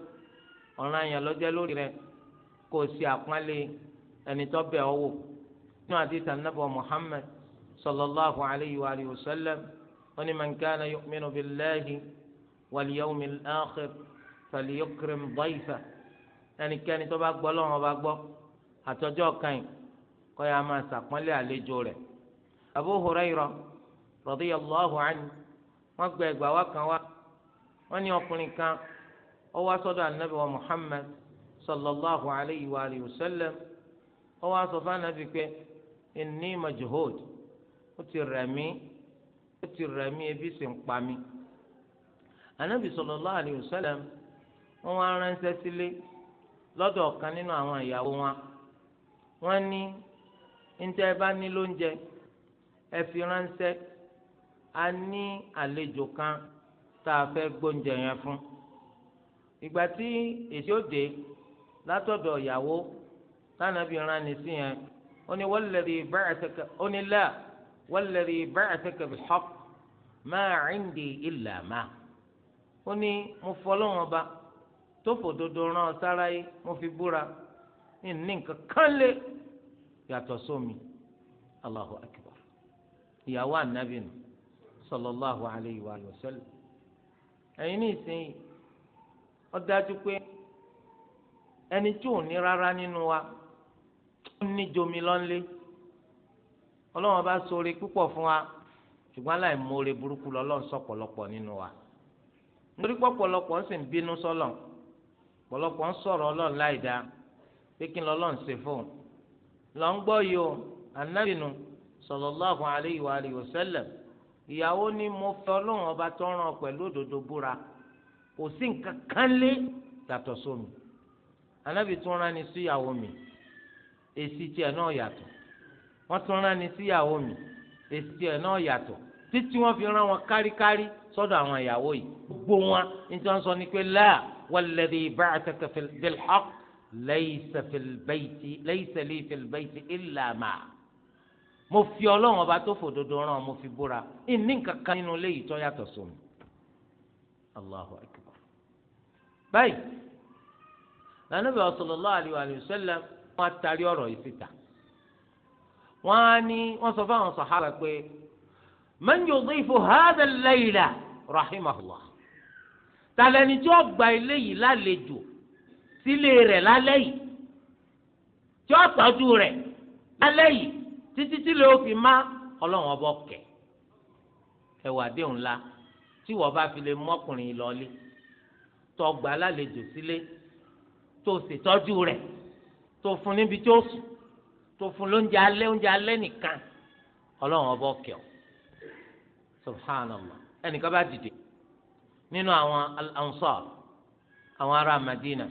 ọ̀ràn àyàn ló jẹ́ lórí rẹ kó o ṣe àpọ́nlé ẹni tó bẹ ọ wò nínú àti tànàbọ Muhammad sallallahu alayhi wa sallam wọ́n ní man kana yu'minu billahi wal yawmil akhir falyukrim dayfa ẹnikẹ́ni tó bá gbọ́ lọ́wọ́ bá gbọ́ àtọ́jọ́ kan kó yá máa ṣàpọ́nlé àlejò rẹ̀ Abu Hurairah radiyallahu anhu wọ́n gba ẹgbà wá kan wá wọ́n ní ọkùnrin kan ó wá sọ́dọ̀ anabi wa Muhammad sallallahu alayhi wa alihi wa sallam ó wá sọ fún anabi pé inni majhud ó ti rẹ̀ mí ó ti rẹ̀ mí ebi sì ń pa mí. anabi sallallahu alayhi wa sallam wọn wá ránṣẹ́ sílé lọ́dọ̀ ọ̀kan nínú àwọn ìyàwó wọn wọn ní níta ẹ bá ní lóúnjẹ ẹ fi ránṣẹ́ a ní àlejò kan tá a fẹ́ gbóúnjẹ yẹn fún ìgbà tí èsì òde látọ̀dọ̀ ìyàwó tánàbí ránni sí yẹn ó ní wọ́n lè rí bẹ́ẹ̀ àtẹkẹ́ ó ní lẹ́à wọ́n lè rí bẹ́ẹ̀ àtẹkẹ́ bí haqq máa indi ilà máa ó ní mo fọlọ́wọ́n ba tó fòdodo rán sára yìí mo fi búra ní nǹkan kan lé yàtọ̀ sómi Allahu akbar ìyàwó ànábì nù sallallahu alayhi wa sallam ẹ̀yin ní ìsinyìí ó dájú pé ẹni tí ò ní rárá nínú wa ó ní jomi lọ́nlé ọlọ́wọ́n bá fún wa. ṣùgbọ́n aláìmoore burúkú lọ́lọ́run sọ pọ̀lọpọ̀ nínú wa nítorí pọ̀pọ̀lọpọ̀ ń sì ń bínú sọ́lọ̀ pọ̀lọpọ̀ ń sọ̀rọ̀ ọlọ́run láì dáa pé kí lọ́lọ́run ṣe fóun lọ ń gbọ́ yìí o anábìnú sallallahu alayhi wa alihi wa sallam ìyàwó ni mo fẹ́ ọlọ́run ọba tó ràn pẹ̀lú òdodo búra kò sí nǹkan kan lé yàtọ̀ sómi anábì tún rán ni síyàwó mi èsì tiẹ̀ náà yàtọ̀ wọ́n tún rán ni síyàwó mi èsì ẹ̀ náà yàtọ̀ títí wọ́n fi rán wọn káríkárí sọ́dọ̀ àwọn ìyàwó yìí gbogbo wọn ní tí wọ́n sọ ni pé láà walladhi ba'athaka bil haqq laysa fil bayti laysa li fil bayti illa ma mo fi ọlọ́run ọba tó fòdodo rán mo fi búra ìní nǹkan kan nínú ilé yìí tó yàtọ̀ sómi allahu akbar báyìí lànà bí sallallahu alaihi wa sallam wọn atari ọ̀rọ̀ yìí síta wọ́n á ní wọ́n sọ fáwọn sàhábà pé man yudhifu hadha al-layla rahimahullah tàlẹ́ni tí wọ́n gba ilé yìí lálejò sílé rẹ̀ lálẹ́ yìí tí wọ́n tọ́jú rẹ̀ lálẹ́ yìí títí tí lè fi má ọlọ́run ọbọ̀ kẹ̀ ẹ̀wà déhùn la tí wọ́n bá fi lè mọ́kùnrin lọ́lé tó lálejò sílé tó ṣètọ́jú rẹ̀ tó fún níbi tí ó sùn tó fún lóúnjẹ alẹ́ oúnjẹ alẹ́ nìkan ọlọ́run ọba ọkẹ́ ọ subhanallah ẹnìkan bá dìde nínú àwọn ansar àwọn ará madina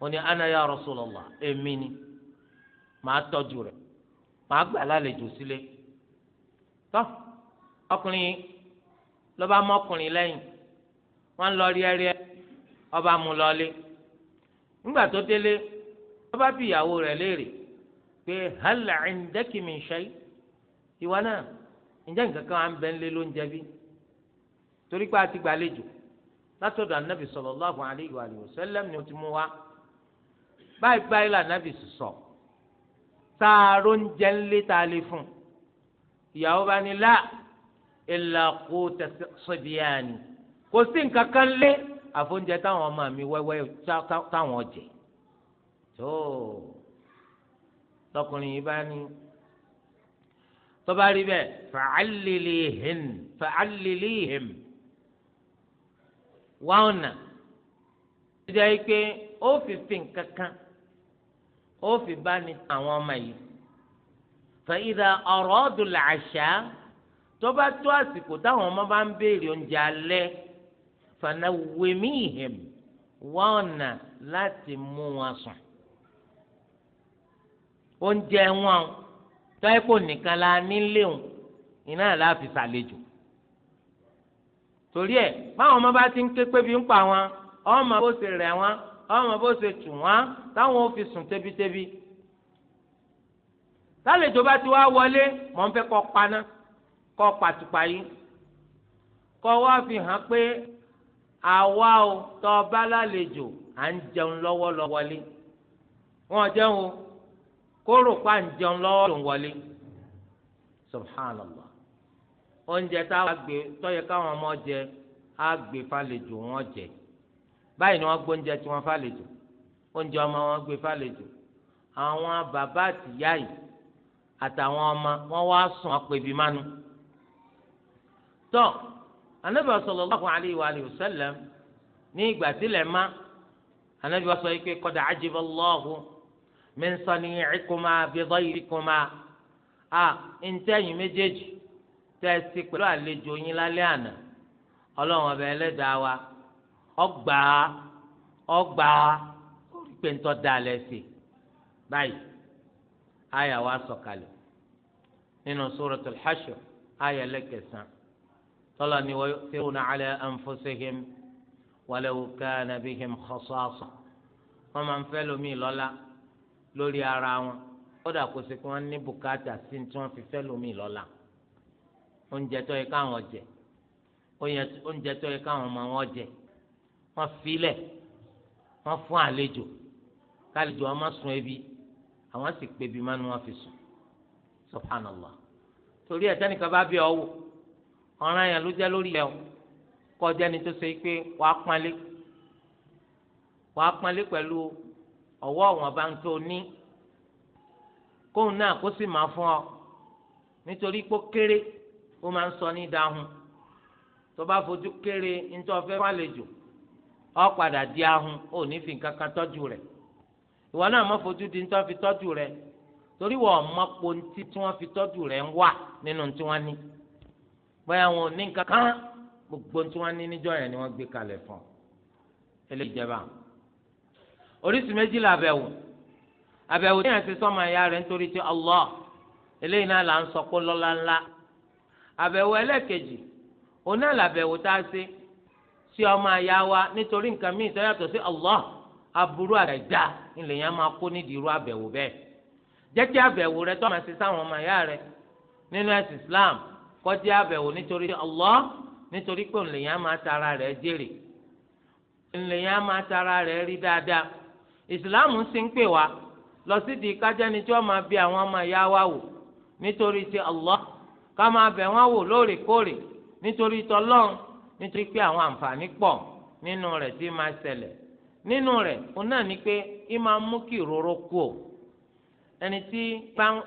wọn ni ana ya rasulallah èmi ni màá tọ́jú rẹ̀ màá gbà lálejò sílé tọ́ ọkùnrin lọ́ba mọ́kùnrin lẹ́yìn wọ́n lọ rí ọba mú lọ́lé ńgbà tó délé ọba bí ìyàwó rẹ̀ léèrè pé hal indaki min shay ìwọ náà ǹjẹ́ nǹkan kan à ń bẹ́ ń lé lóúnjẹ bí torí pé a ti gbàlejò látọ̀dọ̀ anabi sallallahu alayhi wa sallam ni o ti mú wa báyìí báyìí la anabi sọ taaro ń jẹ ńlẹ ta lè fún ìyàwó bá ní la illa quta kò sí nǹkan kan lé àfóúnjẹ táwọn ọmọ mi wẹ́wẹ́ táwọn jẹ tóo lọkùnrin yìí bá ní tọ́ba rí bẹ́ẹ̀ fa'allilihin fa'allilihim wá ọ̀nà ìjà yìí pé ó fi fi nǹkan kan ó fi bá ní àwọn ọmọ yìí fa'idha aradu al-asha tọ́ba tó àsìkò táwọn ọmọ bá ń béèrè oúnjẹ alẹ́ fanawwimihim wá ọ̀nà láti mú wọn sùn oúnjẹ wọn tọ́ípò nìkan la nílé òun iná láàfi ṣàlejò torí ẹ báwọn ọmọ bá ti ń ké pébi ń pa wọn ọmọ bó ṣe rẹ̀ wọn ọmọ bó ṣe tù wọn táwọn ò fi sùn tẹbitẹbi tálejò bá ti wá wọlé mọ̀ ń fẹ́ kọ́ paná kọ́ pàtùpà yìí kọ́ wá fi hàn pé àwa o tọ́ bá lálejò à ń jẹun lọ́wọ́ lọ wọn jẹun o kóró pàǹjẹun lọ́wọ́ ló ń wọlé subhanallah oúnjẹ tá a gbé tọ́yẹ káwọn ọmọ jẹ á gbé falẹ̀jò wọn jẹ báyìí ni wọ́n tí wọ́n oúnjẹ ọmọ wọn gbé àwọn bàbá àtìyá yìí ọmọ wọn wá sùn àpèbí mánu anabi min sani'ikuma bi dhayrikuma a ntẹ́yìn méjèèjì tẹ́sí pẹ̀lú àlejò yín lálẹ́ àná ọlọ́run ọba ẹlẹ́dàá wa ọgbà ọgbà pẹ̀ntọ́ dalẹ̀ sí báyìí àyà wa sọ̀kalẹ̀ nínú suratul hashr àyà lẹ́kẹsàn tọ́lá ni wa yu'thiruna ala anfusihim walau kana bihim khasasa wọ́n máa ń fẹ́ lómi lọ́la lórí ara wọn kódà kò sí kí wọ́n ní bùkátà sí tí wọ́n fi fẹ́ lómi lọ́la oúnjẹ tó yẹ káwọn jẹ oúnjẹ tó yẹ káwọn ọmọ wọn jẹ wọ́n filẹ̀ wọ́n fún àlejò kálejò ọmọ sùn ebi àwọn sì pébi mánu wọ́n fi sùn subhanallah torí ẹ̀ tẹ́nìkan bá bí ọ wò yẹn ló jẹ́ lórí ẹ̀ kọjá ni tó ṣe pé wàá pọ́nlé wàá pọ́nlé pẹ̀lú ọwọ́ àwọn bá ń tó ní kóun náà kó sì máa fún ọ nítorí pé kéré ó máa ń sọ ní dáhùn tó bá fojú kéré nítorí ọ̀fẹ́ wà lejò ọ padà di ahun ò ní fi nǹkan kan tọ́jú rẹ̀ ìwọ náà mọ́ fojú di nítorí fi tọ́jú rẹ̀ torí wọ́n ọmọ pontí tí wọ́n fi tọ́jú rẹ̀ ń wà nínú tí wọ́n ní bóyá wọn ò ní nǹkan kan gbogbo tí wọ́n ní níjọ́ yẹn ni wọ́n gbé kalẹ̀ fún ọ eléyìí jẹba oríṣi méjì la bẹ̀wò àbẹ̀wò tí yẹn ti sọ́mọ ẹ̀yà rẹ̀ nítorí ti Allah eléyìí náà là ń sọ pé lọ́lá ńlá àbẹ̀wò ẹlẹ́ẹ̀kejì òun náà làbẹ̀wò tá a ṣe sí ọmọ ẹ̀yà wa nítorí nǹkan míì tó yàtọ̀ sí Allah aburú àdájá ilẹ̀ yẹn máa kó nídìí irú àbẹ̀wò bẹ́ẹ̀ jẹ́ kí àbẹ̀wò rẹ sáwọn ọmọ Islam kó jẹ́ nítorí nítorí pé tara rẹ̀ jèrè tara rẹ̀ rí ìsìláàmù sì ń pè wá lọ sí di kájẹ́ni tí wọ́n máa bẹ àwọn ọmọ ìyá wa wò nítorí ti Allah ká máa bẹ̀ wọ́n wò lóòrèkóòrè nítorí tọlọ́run nítorí pé àwọn àǹfààní pọ̀ nínú rẹ̀ tí máa ṣẹlẹ̀ nínú rẹ̀ òun náà ni pé í máa mú kí ìrorò kú o ẹni tí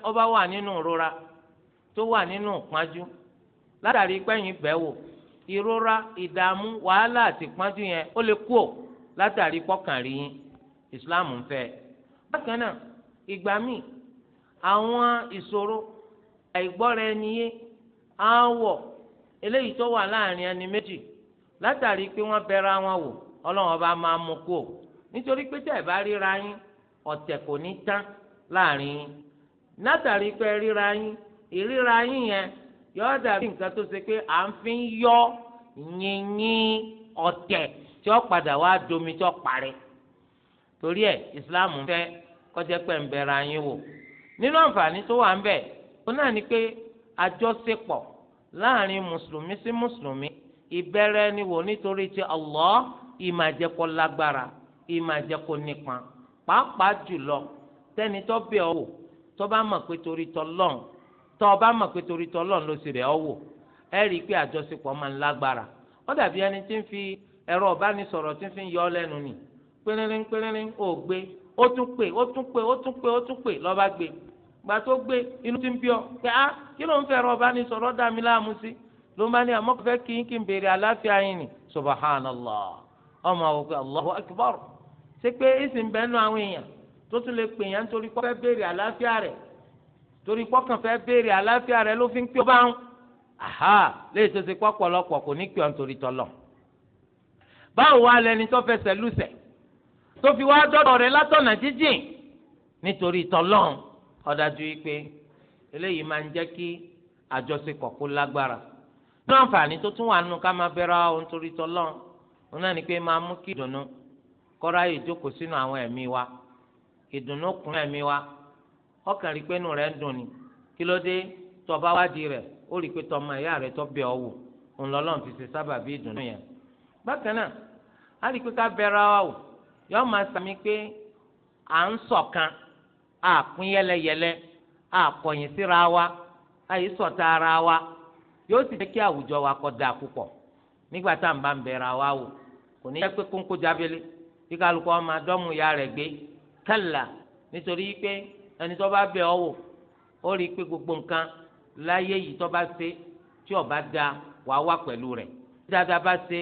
ọba wà nínú ìrora tó wà nínú ìpájú látàrí pẹ́yìn bẹ́ẹ̀ wò ìrora ìdààmú wàhálà àti ìpájú yẹn ó lè kú o látàrí pọ́kàn rí yín islam ń fẹ́ bákan náà ìgbà míì àwọn ìṣòro àìgbọ́ra ẹni yé aáwọ̀ eléyìí tó wà láàrin ẹni méjì látàrí pé wọ́n bẹ̀rẹ̀ wọn wò ọlọ́run ọba máa mú kú o nítorí pé tẹ̀ bá ríra yín ọ̀tẹ̀ kò ní tán láàrin yín látàrí pé ríra yín ìríra yín yẹn yóò dàbí nǹkan tó ṣe pé à ń fi yọ yìnyín ọ̀tẹ̀ tí ó padà wá domi tí ó torí ẹ ìsìláàmù fẹ́ kọjá pé ń bẹ̀rẹ̀ ayín wò nínú àǹfààní tó wà ń bẹ̀ ó náà ni pé àjọṣepọ̀ láàrin mùsùlùmí sí mùsùlùmí ìbẹ̀rẹ̀ ni wò nítorí ti Allah ìmàjẹkọ lágbára ìmàjẹkọ nípa pàápàá jùlọ tẹni tó bẹ̀ ọ́ wò tó bá mọ̀ pé torí tọlọ́n tó bá mọ̀ pé torí tọlọ́n ló sì rẹ̀ ọ́ wò ẹ rí i pé àjọṣepọ̀ máa ń lágbára ó dàbí ẹni tí ń fi ẹ̀rọ ọ̀bánisọ̀rọ̀ tí ń fi yọ ọ́ lẹ́nu nìyí pínrín pínrín ò gbé o tún pè ó tún pè o tún pè gbe tún pè lọ́ba gbé gbà tó gbé inú ti ń pé ah, kí ló rọba dá mi láàmú sí ló ní àmọ́ n kí béèrè yín ni ọmọ àwọn pé allahu akbar ṣé pé ìsìn bẹ́ẹ̀ nù àwọn èèyàn tó tún lè pè béèrè rẹ̀ torí béèrè rẹ̀ ló fi ń aha lè tó kò ní tọ́lọ̀ tó fi wá dọ́dọ̀ rẹ̀ látọ̀nà jíjìn nítorí tọ́lọ́n ọ̀dájú pé eléyìí máa ń jẹ́ kí àjọṣepọ̀ kó lágbára nínú àǹfààní tó tún wà nínú ká máa bẹ̀rẹ̀ ohun torí tọ́lọ́n òun náà ni pé máa mú kí ìdùnnú kọ́ra ìjókòó sínú àwọn ẹ̀mí wa ìdùnnú kún ẹ̀mí wa ọkàn rí pé inú rẹ̀ ń yọọ máa sàmì pé à ń ṣọ̀kan à pín yẹlẹyẹlẹ à kọ̀yìn síra wa à yìí ṣọ̀tá ara wa yóò sì jẹ́ kí àwùjọ wa kó dáa púpọ̀ nígbà tá à ń bá ń bẹ̀rẹ̀ wa wò kò ní yẹ pé kónkó jábélé kí kálukú ọmọ adọ́mù ya rẹ̀ gbé kálá nítorí pé ẹni tó bá bẹ̀ ọ́ wò ó rí i pé gbogbo nǹkan láyé yìí tó bá ṣe tí ó bá wàá wà pẹ̀lú rẹ̀ tí dáadáa bá ṣe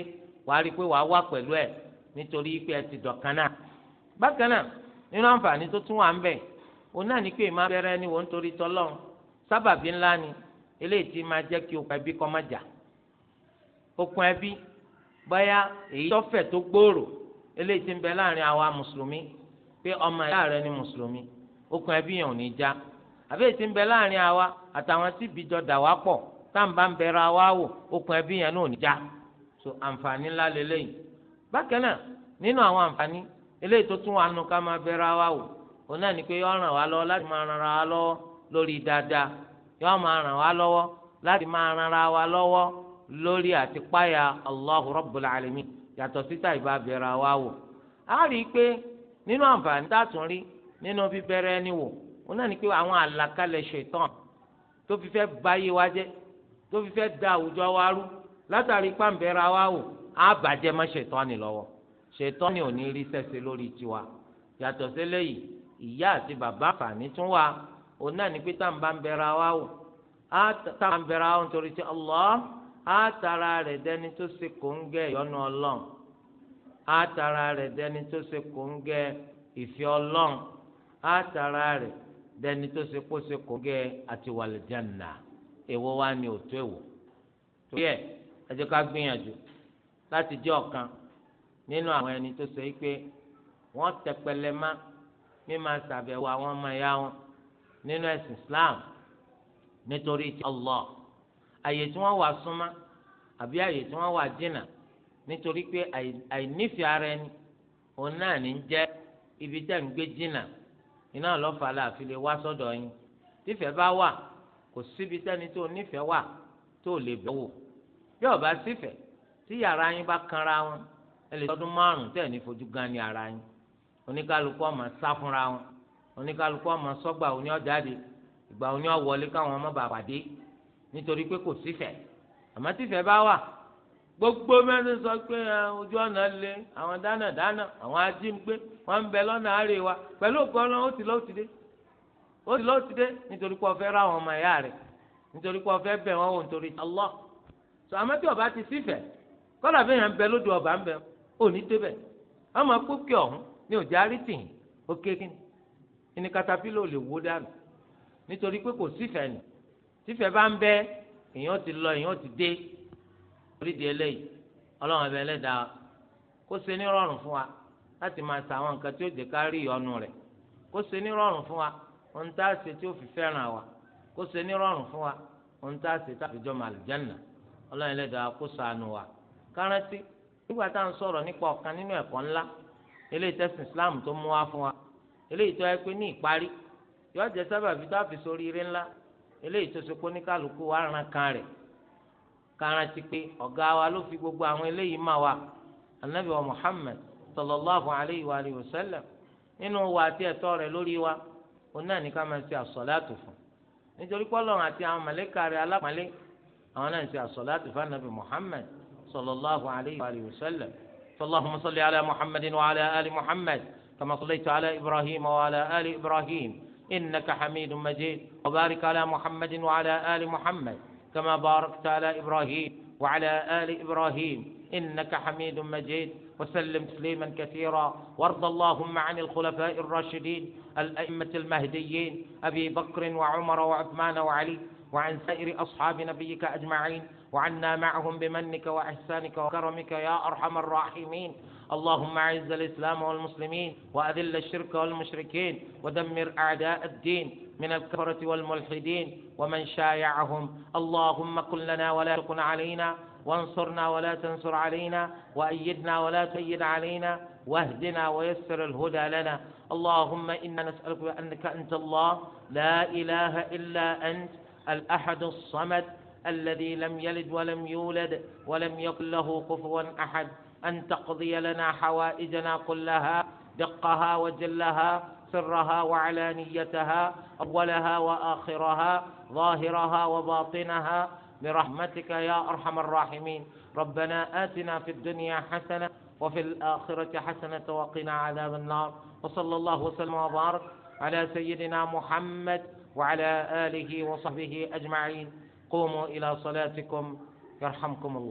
wàá rí i pé wàá wà pẹ̀lú ẹ̀ nítorí pé ẹ ti dọ̀kan náà bákan náà nínú àǹfààní tó tún wà ń bẹ̀ òun náà ní pé ìmọ̀ abẹ́rẹ́ ni wọ́n ń torí tọ́lọ́run sábàbí ńlá ni eléyìí ti máa jẹ́ kí okùn ẹbí kọ́ má jà okùn ẹbí báyà èyí tọ́fẹ̀ tó gbòòrò eléyìí ti ń bẹ láàrin àwa mùsùlùmí pé ọmọ ìyá rẹ ni mùsùlùmí okùn ẹbí yẹn ò ní já àbí èyí ti ń bẹ láàrin àwa àtàwọn tí ìbí dà wá pọ̀ táǹbà ń bẹ̀rẹ̀ àwa wò okùn ẹbí yẹn ò ní já so àǹfààní ńlá lélẹ́yìn bákan náà nínú àwọn àǹfààní eléyìí tó tún wà nù ká máa bẹ ra wa wò òun náà ni pé yọ ràn wá lọ́wọ́ láti máa ràn ra wa lọ́wọ́ lórí dáadáa yọ máa ràn wá lọ́wọ́ láti máa ràn ra wa lọ́wọ́ lórí àti Allahu Rabbul Alamin yàtọ̀ síta ìbá bẹ ra wa wò a rí i pé nínú àǹfààní tá rí nínú bíbẹ̀rẹ̀ ẹni wò òun náà ni pé àwọn àlàkalẹ̀ ṣètàn tó fi fẹ́ báyé wa jẹ́ tó fi fẹ́ da àwùjọ wa rú látàrí pàǹbẹ̀ra wa wò á bàjẹ́ mọ́ ṣètọ́ni lọ́wọ́ ṣètọ́ni ò ní rí sẹ́sẹ́ lórí tiwa yàtọ̀ sílẹ̀ yìí ìyá àti bàbá àǹfààní tún wà òun náà ní pé tá à ń bẹ̀rẹ̀ wa wò á tá ń bẹ̀rẹ̀ wa nítorí ti Allah á tara rẹ̀ dẹni tó ṣe kòńgẹ́ ìyọ́nú ọlọ́run á tara rẹ̀ dẹni tó ṣe kòńgẹ́ ìfẹ́ ọlọ́run á tara rẹ̀ dẹni tó ṣe kó ṣe kòńgẹ́ àti wàlìjánà èwo wá ní òtó èwo torí ẹ̀ ẹ jẹ́ ká gbìyànjú láti jẹ́ ọ̀kan nínú àwọn ẹni tó sọ pé wọ́n tẹpẹlẹ má mímá ṣàbẹ̀wò àwọn ọmọ ìyá wọn nínú ẹ̀sìn Islam nítorí ti Allah àyè tí wọ́n wà súnmọ́ àbí àyè tí wọ́n wà jìnnà nítorí pé àìnífẹ̀ẹ́ ara ẹni òun náà ní jẹ́ ibi tẹ́ ń gbé jìnnà iná lọ́fà láàfin lè wá sọ́dọ̀ yín tífẹ̀ẹ́ bá wà kò síbi tẹ́ni tó nífẹ̀ẹ́ wà tó lè bẹ̀wò bí ọba sífẹ̀ẹ́ tí yàrá yín bá kanra wọn ẹ lè tọdún márùn tẹ̀ ní fojú gan ni ara yín ọmọ sá fúnra wọn oníkálukú ọmọ sọgbà òní ìgbà ọwọlé káwọn ọmọ bàbá dé nítorí pé kò sífẹ̀ bá wà gbogbo mẹ́rin sọ pé ojú ọ̀nà le àwọn dáná dáná àwọn ajínigbé wọn ń bẹ lọ́nà àárẹ̀ wa pẹ̀lú ògbọ́n náà ó ti lọ́ọ́ ti dé ó ti lọ́ọ́ ti dé nítorí pé ọ̀fẹ́ ra àwọn ọmọ ẹ̀yà rẹ̀ sọ kọ́lá bẹ́ẹ̀ na ń bẹ ọba ń bẹ òní débẹ̀ ọmọ kókè ọ̀hún ní òjá arítì òkè kí ni katapila katapílò lè wó dànù nítorí pé kò sífẹ̀ nì sífẹ̀ bá ń bẹ èèyàn ti lọ èèyàn ti dé orí di ọlọ́run ẹlẹ́dàá kó ṣe sa àwọn nǹkan tí ó ká rí kó ṣe ní rọrùn fún wa ohun tá a ṣe wa kó ṣe ní rọrùn fún wa ohun tá a ṣe tá kárántì nígbà tá à ń sọ̀rọ̀ nípa ọ̀kan nínú ẹ̀kọ́ ńlá islam tó mú wá fún wa eléyìí tó yẹ pé ní ìparí tá a fi sórí eré ńlá eléyìí tó ṣe pé ran kan rẹ̀ kárántì pé ọ̀gá gbogbo àwọn eléyìí mà wá anabi wa muhammed sallallahu alayhi wa wa sallam nínú wa àti ẹ̀tọ́ rẹ̀ lórí wa náà ní ká صلى الله عليه وآله وسلم فاللهم صل على محمد وعلى آل محمد كما صليت على إبراهيم وعلى آل إبراهيم إنك حميد مجيد وبارك على محمد وعلى آل محمد كما باركت على إبراهيم وعلى آل إبراهيم إنك حميد مجيد وسلم تسليما كثيرا وارض اللهم عن الخلفاء الراشدين الأئمة المهديين أبي بكر وعمر وعثمان وعلي وعن سائر أصحاب نبيك أجمعين وعنا معهم بمنك وإحسانك وكرمك يا أرحم الراحمين اللهم أعز الإسلام والمسلمين وأذل الشرك والمشركين ودمر أعداء الدين من الكفرة والملحدين ومن شايعهم اللهم كن لنا ولا تكن علينا وانصرنا ولا تنصر علينا وأيدنا ولا تؤيد علينا واهدنا ويسر الهدى لنا اللهم إنا نسألك بأنك أنت الله لا إله إلا أنت الأحد الصمد الذي لم يلد ولم يولد ولم يكن له كفوا أحد أن تقضي لنا حوائجنا كلها دقها وجلها سرها وعلانيتها أولها وآخرها ظاهرها وباطنها برحمتك يا أرحم الراحمين ربنا آتنا في الدنيا حسنة وفي الآخرة حسنة وقنا عذاب النار وصلى الله وسلم وبارك على سيدنا محمد وعلى آله وصحبه أجمعين قوموا إلى صلاتكم يرحمكم الله